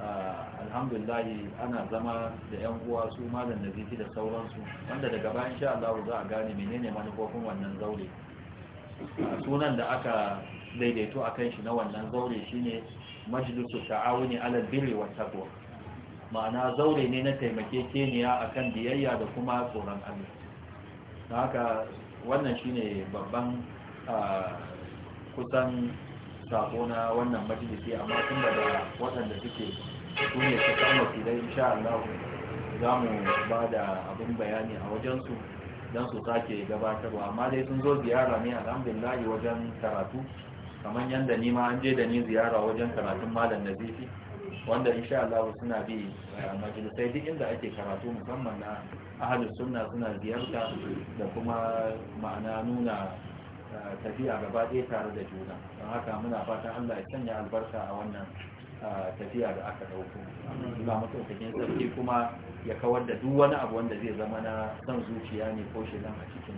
eh, alhamdulillah ana zama da yan uwa su malam nazifi da sauransu wanda daga bayan sha Allah za a gane menene manufofin wannan zaure sunan da aka daidaito a kan shi na wannan zaure shine majalisu ta'awuni alal birri wa taqwa ma'ana zaure ne na taimake keniya akan biyayya da kuma tsoron Allah don haka wannan shine babban kusan sako na wannan majalisi amma tun da waɗanda suke su ne su kama filai insha Allah za mu ba da abin bayani a wajensu don su sake gabatarwa amma dai sun zo ziyara ne alhamdulillah wajen karatu kamar yadda ni ma an je da ni ziyara wajen karatun malam nazifi wanda insha Allah suna bi eh, majalisai duk inda ake karatu musamman na ahalus sunna suna ziyarta da kuma ma'ana nuna eh, tafiya gaba ɗaya tare da juna don haka muna fatan Allah ya sanya albarka a wannan eh, tafiya da aka ɗauko ba matsaukacin sarki kuma ya kawar da duk wani abu wanda zai zama na son zuciya ne ko shi nan a cikin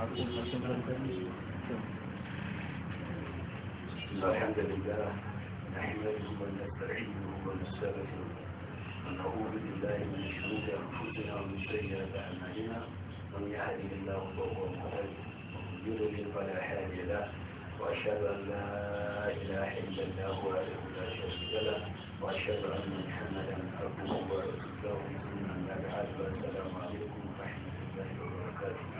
الحمد لله نحمده ونستعينه ونستغفره ونعوذ بالله من شرور انفسنا ومن سيئات اعمالنا من يهده الله فهو مهتد ومن يضلل فلا حاجة له واشهد ان لا اله الا الله وحده لا شريك له واشهد ان محمدا عبده ورسوله ثم اما بعد فالسلام عليكم ورحمه الله وبركاته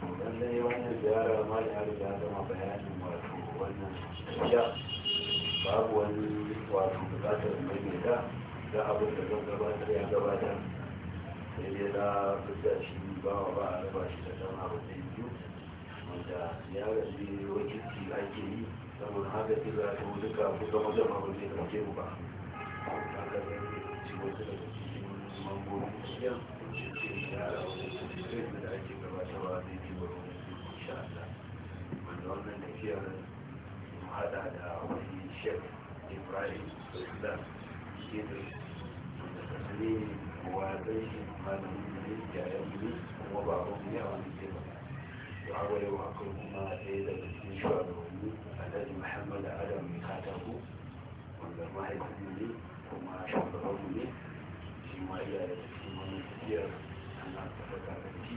wannan ziyara ma da har da zama wato wannan babu wani wato bukatar mai mai da da abin da zan gabatar ya gabatar sai dai a fita shi ba wa ba a raba shi da dama ba biyu wanda ya gaji wakilci ake yi saboda haka sai za ta wani kafin gama da ma ba zai ɗauke mu ba haka zai ci wasu daga cikin mambobi yan ce ya rawa da ake gabatarwa zai tafiyar hada da wani shek ibrahim islam idris da kasane wazan shi malamin da ya yayan ne kuma baban ne a wani gefe to a wayo akwai kuma ɗaya daga cikin shugabanni alhaji muhammad adam mai katako wanda mahaifin ne kuma shugabanmu ne shi ma iya daga cikin wani tafiyar ana tafi kakanci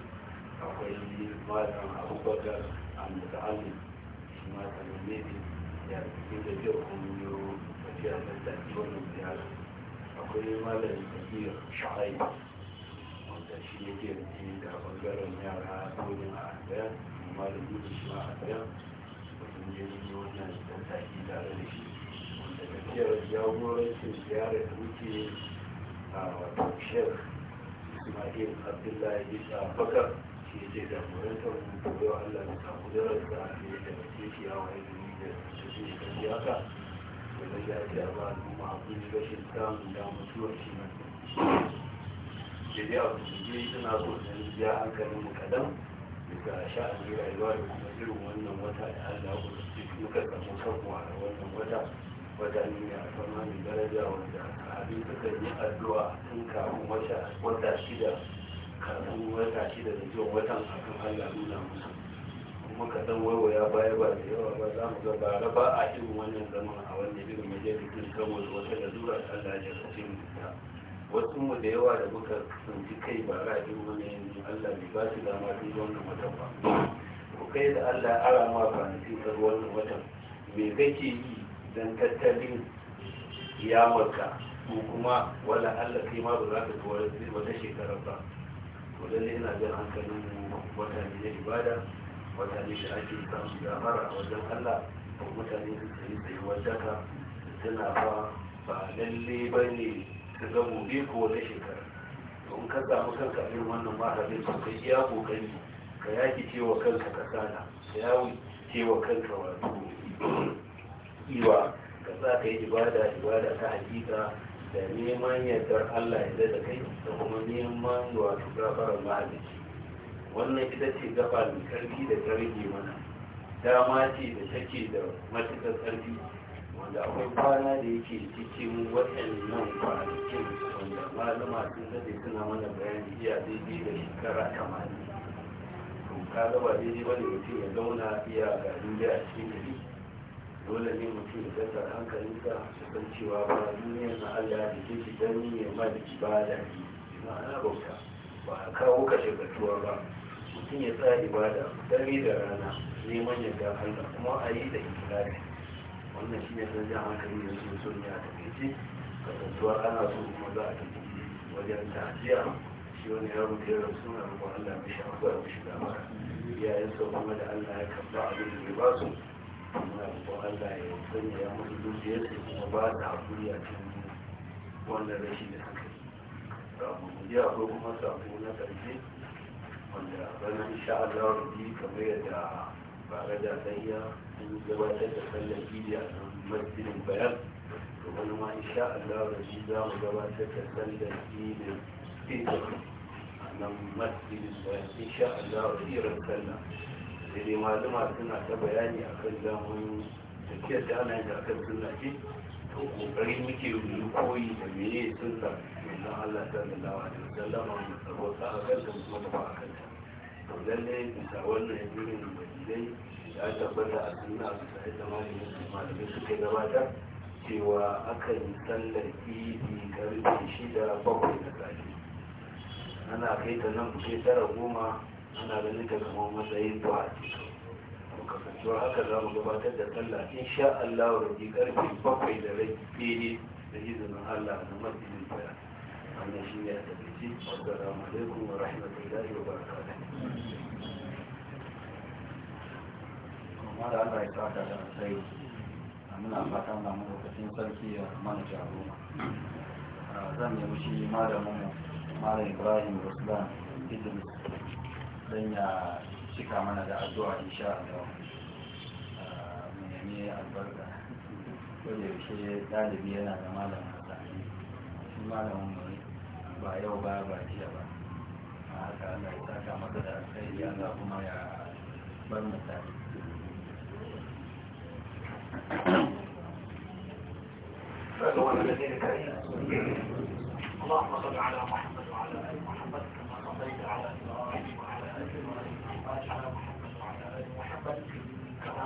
akwai malam abubakar al-muta'alim akwai malar tafiya sha'ai wanda shi ne ke da bangaren yara dole a daya malar dole shi ma a daya wajen yi ne wannan tattaki tare da shi wanda tafiyar jagorancin ziyara da muke a wato shek ismail abdullahi isa bakar ke ce da murar ta hudu da Allah na samu darasa a ne da ke shi yawa da zuni da su shi shi kan yaka da na ya a ba al'umma a kuni rashin samun da mutuwar shi na daidai a kusurge suna so da ya hankalin mu kadan ga sha'anin rayuwa da kuma irin wannan wata da Allah ku muka samu kanmu a wannan wata wata ne a sama mai daraja wanda abin suka yi addu'a sun kamu wata shida kafin wata shida da zuwa watan akan allah nuna musu kuma ka dan ya baya ba da yawa ba za mu ga bara ba a irin wannan zaman a wanda irin majalisun kamo da wata lalura ta allah ya kace mu ta wasu mu da yawa da muka tsinci kai ba ra irin wani yanzu allah bai ba su dama duk wannan watan ba ku kai da allah ara ma kwanakin ka wannan watan me kake yi don tattalin iyawarka ko kuma wala allah kai ma ba za ka ga wata shekarar ba lalle yana jan hankalin wata ne na ibada wata ne da ake samun gafara a wajen allah ko mutane su tsaye tsaye wajaka suna ba ba lalle ba ne su ga gobe ko wani shekara in ka samu kanka irin wannan mahalin su kai iya kokari ka yaki cewa kanka kasala ka yawi cewa kanka wato iwa ka sa ka yi ibada ibada ta hakika da neman yardar Allah ya da kai da kuma neman wato gafarar mahalicci wannan ita ce gaba mai karfi da ta rage mana dama ce da take da matuƙar karfi wanda akwai kwana da yake cikin waɗannan kwanakin wanda malama sun zai suna mana bayani iya daidai da shekara tamanin to ka gaba daidai wani mutum ya zauna iya garin da a cikin gari dole ne mutum ya daga hankalinsa su san cewa ba duniya na Allah da ke don ne da ibada ma'ana bauta ba a kawo ka shagatuwa ba mutum ya tsaya ibada dare da rana neman yadda Allah kuma a yi da ikirari wannan shi ne sanjan hankali da su so ne a takaice kasantuwa ana so kuma za a tafi wajen tafiya shi wani ya rubuta ya rasu na rukun Allah mai shafa da mashi damar iyayen sau kuma da Allah ya kamba abin da ya ba su Allah ya wannan rashin da suka yi kafin mu akwai kuma sako na karshe wanda ranar insha Allah rubi kamar yadda bare da layya sun gabatar da sallar idi a masjidin bayan wani ma insha Allah za mu gabatar da sallar idi a nan masjidin bayan da dai malama suna ta bayani a kan zamun tafiyar da ana yin akan suna ce to kokarin muke yi koyi da mene sunna wannan allah sallallahu alaihi wasallam mu tsabota a kan kuma da ba a kan ta to lalle bisa wannan irin majidai ya tabbata a sunna a bisa malamin su suka gabata cewa akan yi sallar idi karfe shida bakwai na safe ana kai ta nan buke tara goma أنا ذلك المهمة سيد بعد وهكذا مضبطة تتلع إن شاء الله ورديك أرفي بقى إلى ريك فيه نجد من الله نمد للبيع أن نشيء يتبزيد والسلام عليكم ورحمة الله وبركاته kamar Allah ya tsaka da sai a muna fatan da mu lokacin sarki ya mana jaro zan yi mushi malamin mu malam Ibrahim Ruslan Idris don ya cika mana da addu'a insha Allah mu nemi albarka ko da yaushe ɗalibi yana da malam haka shi malamin mu ba yau ba ba jiya ba a haka Allah ya saka maka da alkhairi Allah kuma ya bar mu tare اللهم صل على محمد وعلى ال محمد كما صليت على ابراهيم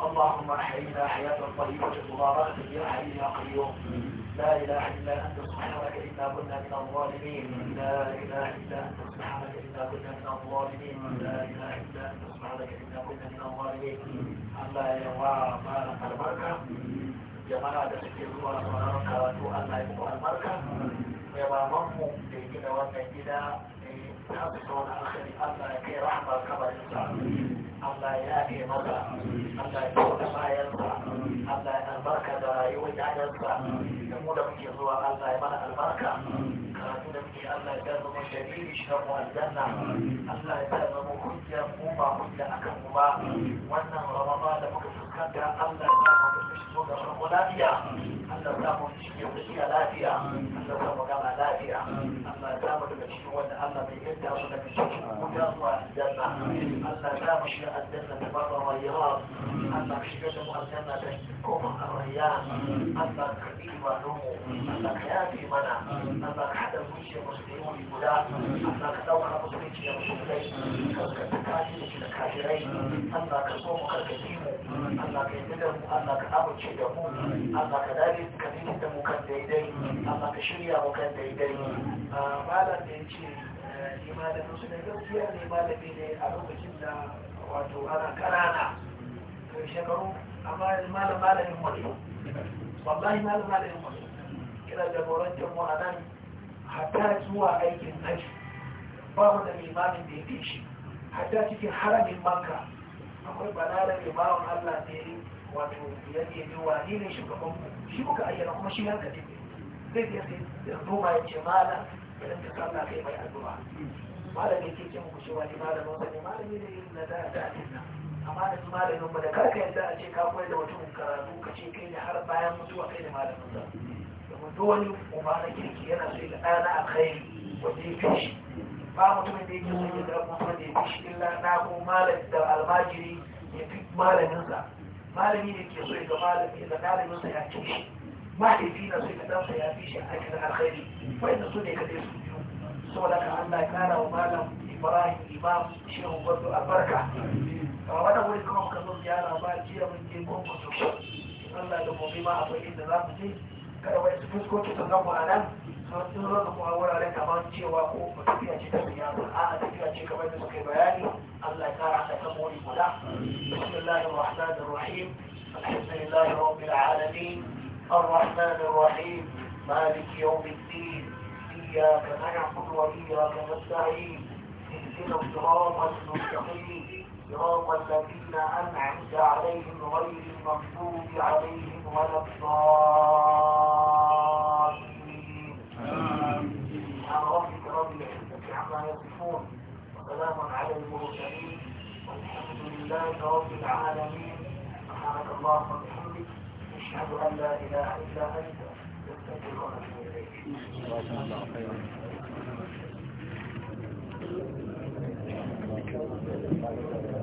اللهم احينا حياه طيبه مباركه يا حي يا قيوم لا اله الا انت سبحانك انا كنا من الظالمين لا اله الا انت سبحانك انا كنا من الظالمين لا اله الا انت سبحانك انا كنا من الظالمين الله يا بارك البركه jama'a da suke zuwa sauran karatu Allah ya muku albarka mai babanmu da yake da wannan Allah ya kai rahama kabarinsa Allah ya Allah ya bayansa Allah ya albarka da rayuwar yayansa da mu da muke zuwa Allah ya mana albarka karatu da muke Allah ya zama mu shari'i shi mu aljanna Allah ya zama mu mu ba hujja akan mu wannan rababa da muka fuskanta Allah ya zama mu shi zo gaban mu lafiya samu cikin kusiya lafiya Allah samu gama lafiya Allah ya samu daga cikin wanda Allah bai yadda su daga cikin kuma zuwa aljanna Allah ya samu shiga aljanna da babar rayuwa Allah shiga da mu aljanna da koma arayya Allah ka bi ba nomo Allah ka yafi mana Allah ka hada zuciya musulmi guda Allah ka dauka musulunci da musulmai ka ka kashi da kafirai Allah ka so mu karkace mu Allah ka yi da mu Allah ka amince da mu Allah ka dare ka zini mu kan daidai amma ka shirya mu kan daidai malam da ya ce ni malamin su da gaskiya ne malami ne a lokacin da wato ana kanana to shekaru amma malam malamin mu ne wallahi malam malamin mu ne kira jagorantar mu a nan hatta zuwa aikin haji ba mu da limamin da ya fi shi hatta cikin haramin banka. akwai balalar imamin allah ne wato ya ke ji wani ne shugaban shi kuka ayyana kuma shi yanka ne zai je sai ya duba ya ce malam ya rinka sallah kai mai addu'a malam ya ke ce muku cewa ni malam wata ne malami ne na da da adinna amma da su malamin mu da karka yadda a ce ka koyar da mutum karatu ka ce kai ne har bayan mutuwa kai da malamin sa domin duk wani uba na kirki yana so ya ɗana alkhairi wanda ya fi shi ba mutumin da yake son ya ga wanda ya fi shi illa na ko malam da almajiri ya fi malamin sa malami ne ke so ya ga malami da malamin sa ya ci shi mahaifi na so ya dan sa ya fi shi a cikin alkhairi wanda su ne ka dai su biyu saboda ka Allah ya kara wa malam Ibrahim Imam Shehu Gwardo albarka a wannan wuri kuma muka zo ziyara ba jiya mun je kwankwaso Allah da gobe ma akwai inda za mu je kada wai su fuskoki sannan mu a nan don sun zo kuma wuraren da ban cewa ko tafiya ce ta biya ba a tafiya ce kamar da suka bayani Allah ya kara ta kan wuri guda bismillahir rahmanir rahim alhamdulillahi rabbil alamin arrahmanir rahim مالك يوم الدين إياك نعبد وإياك نستعين اهدنا الصراط المستقيم صراط الذين أنعمت عليهم غير المغضوب عليهم ولا الضالين سبحان ربك رب العزة عما يصفون وسلام على المرسلين والحمد لله رب العالمين سبحانك اللهم وبحمدك أشهد أن لا إله إلا أنت أستغفرك إليك. جزاكم الله خيرا.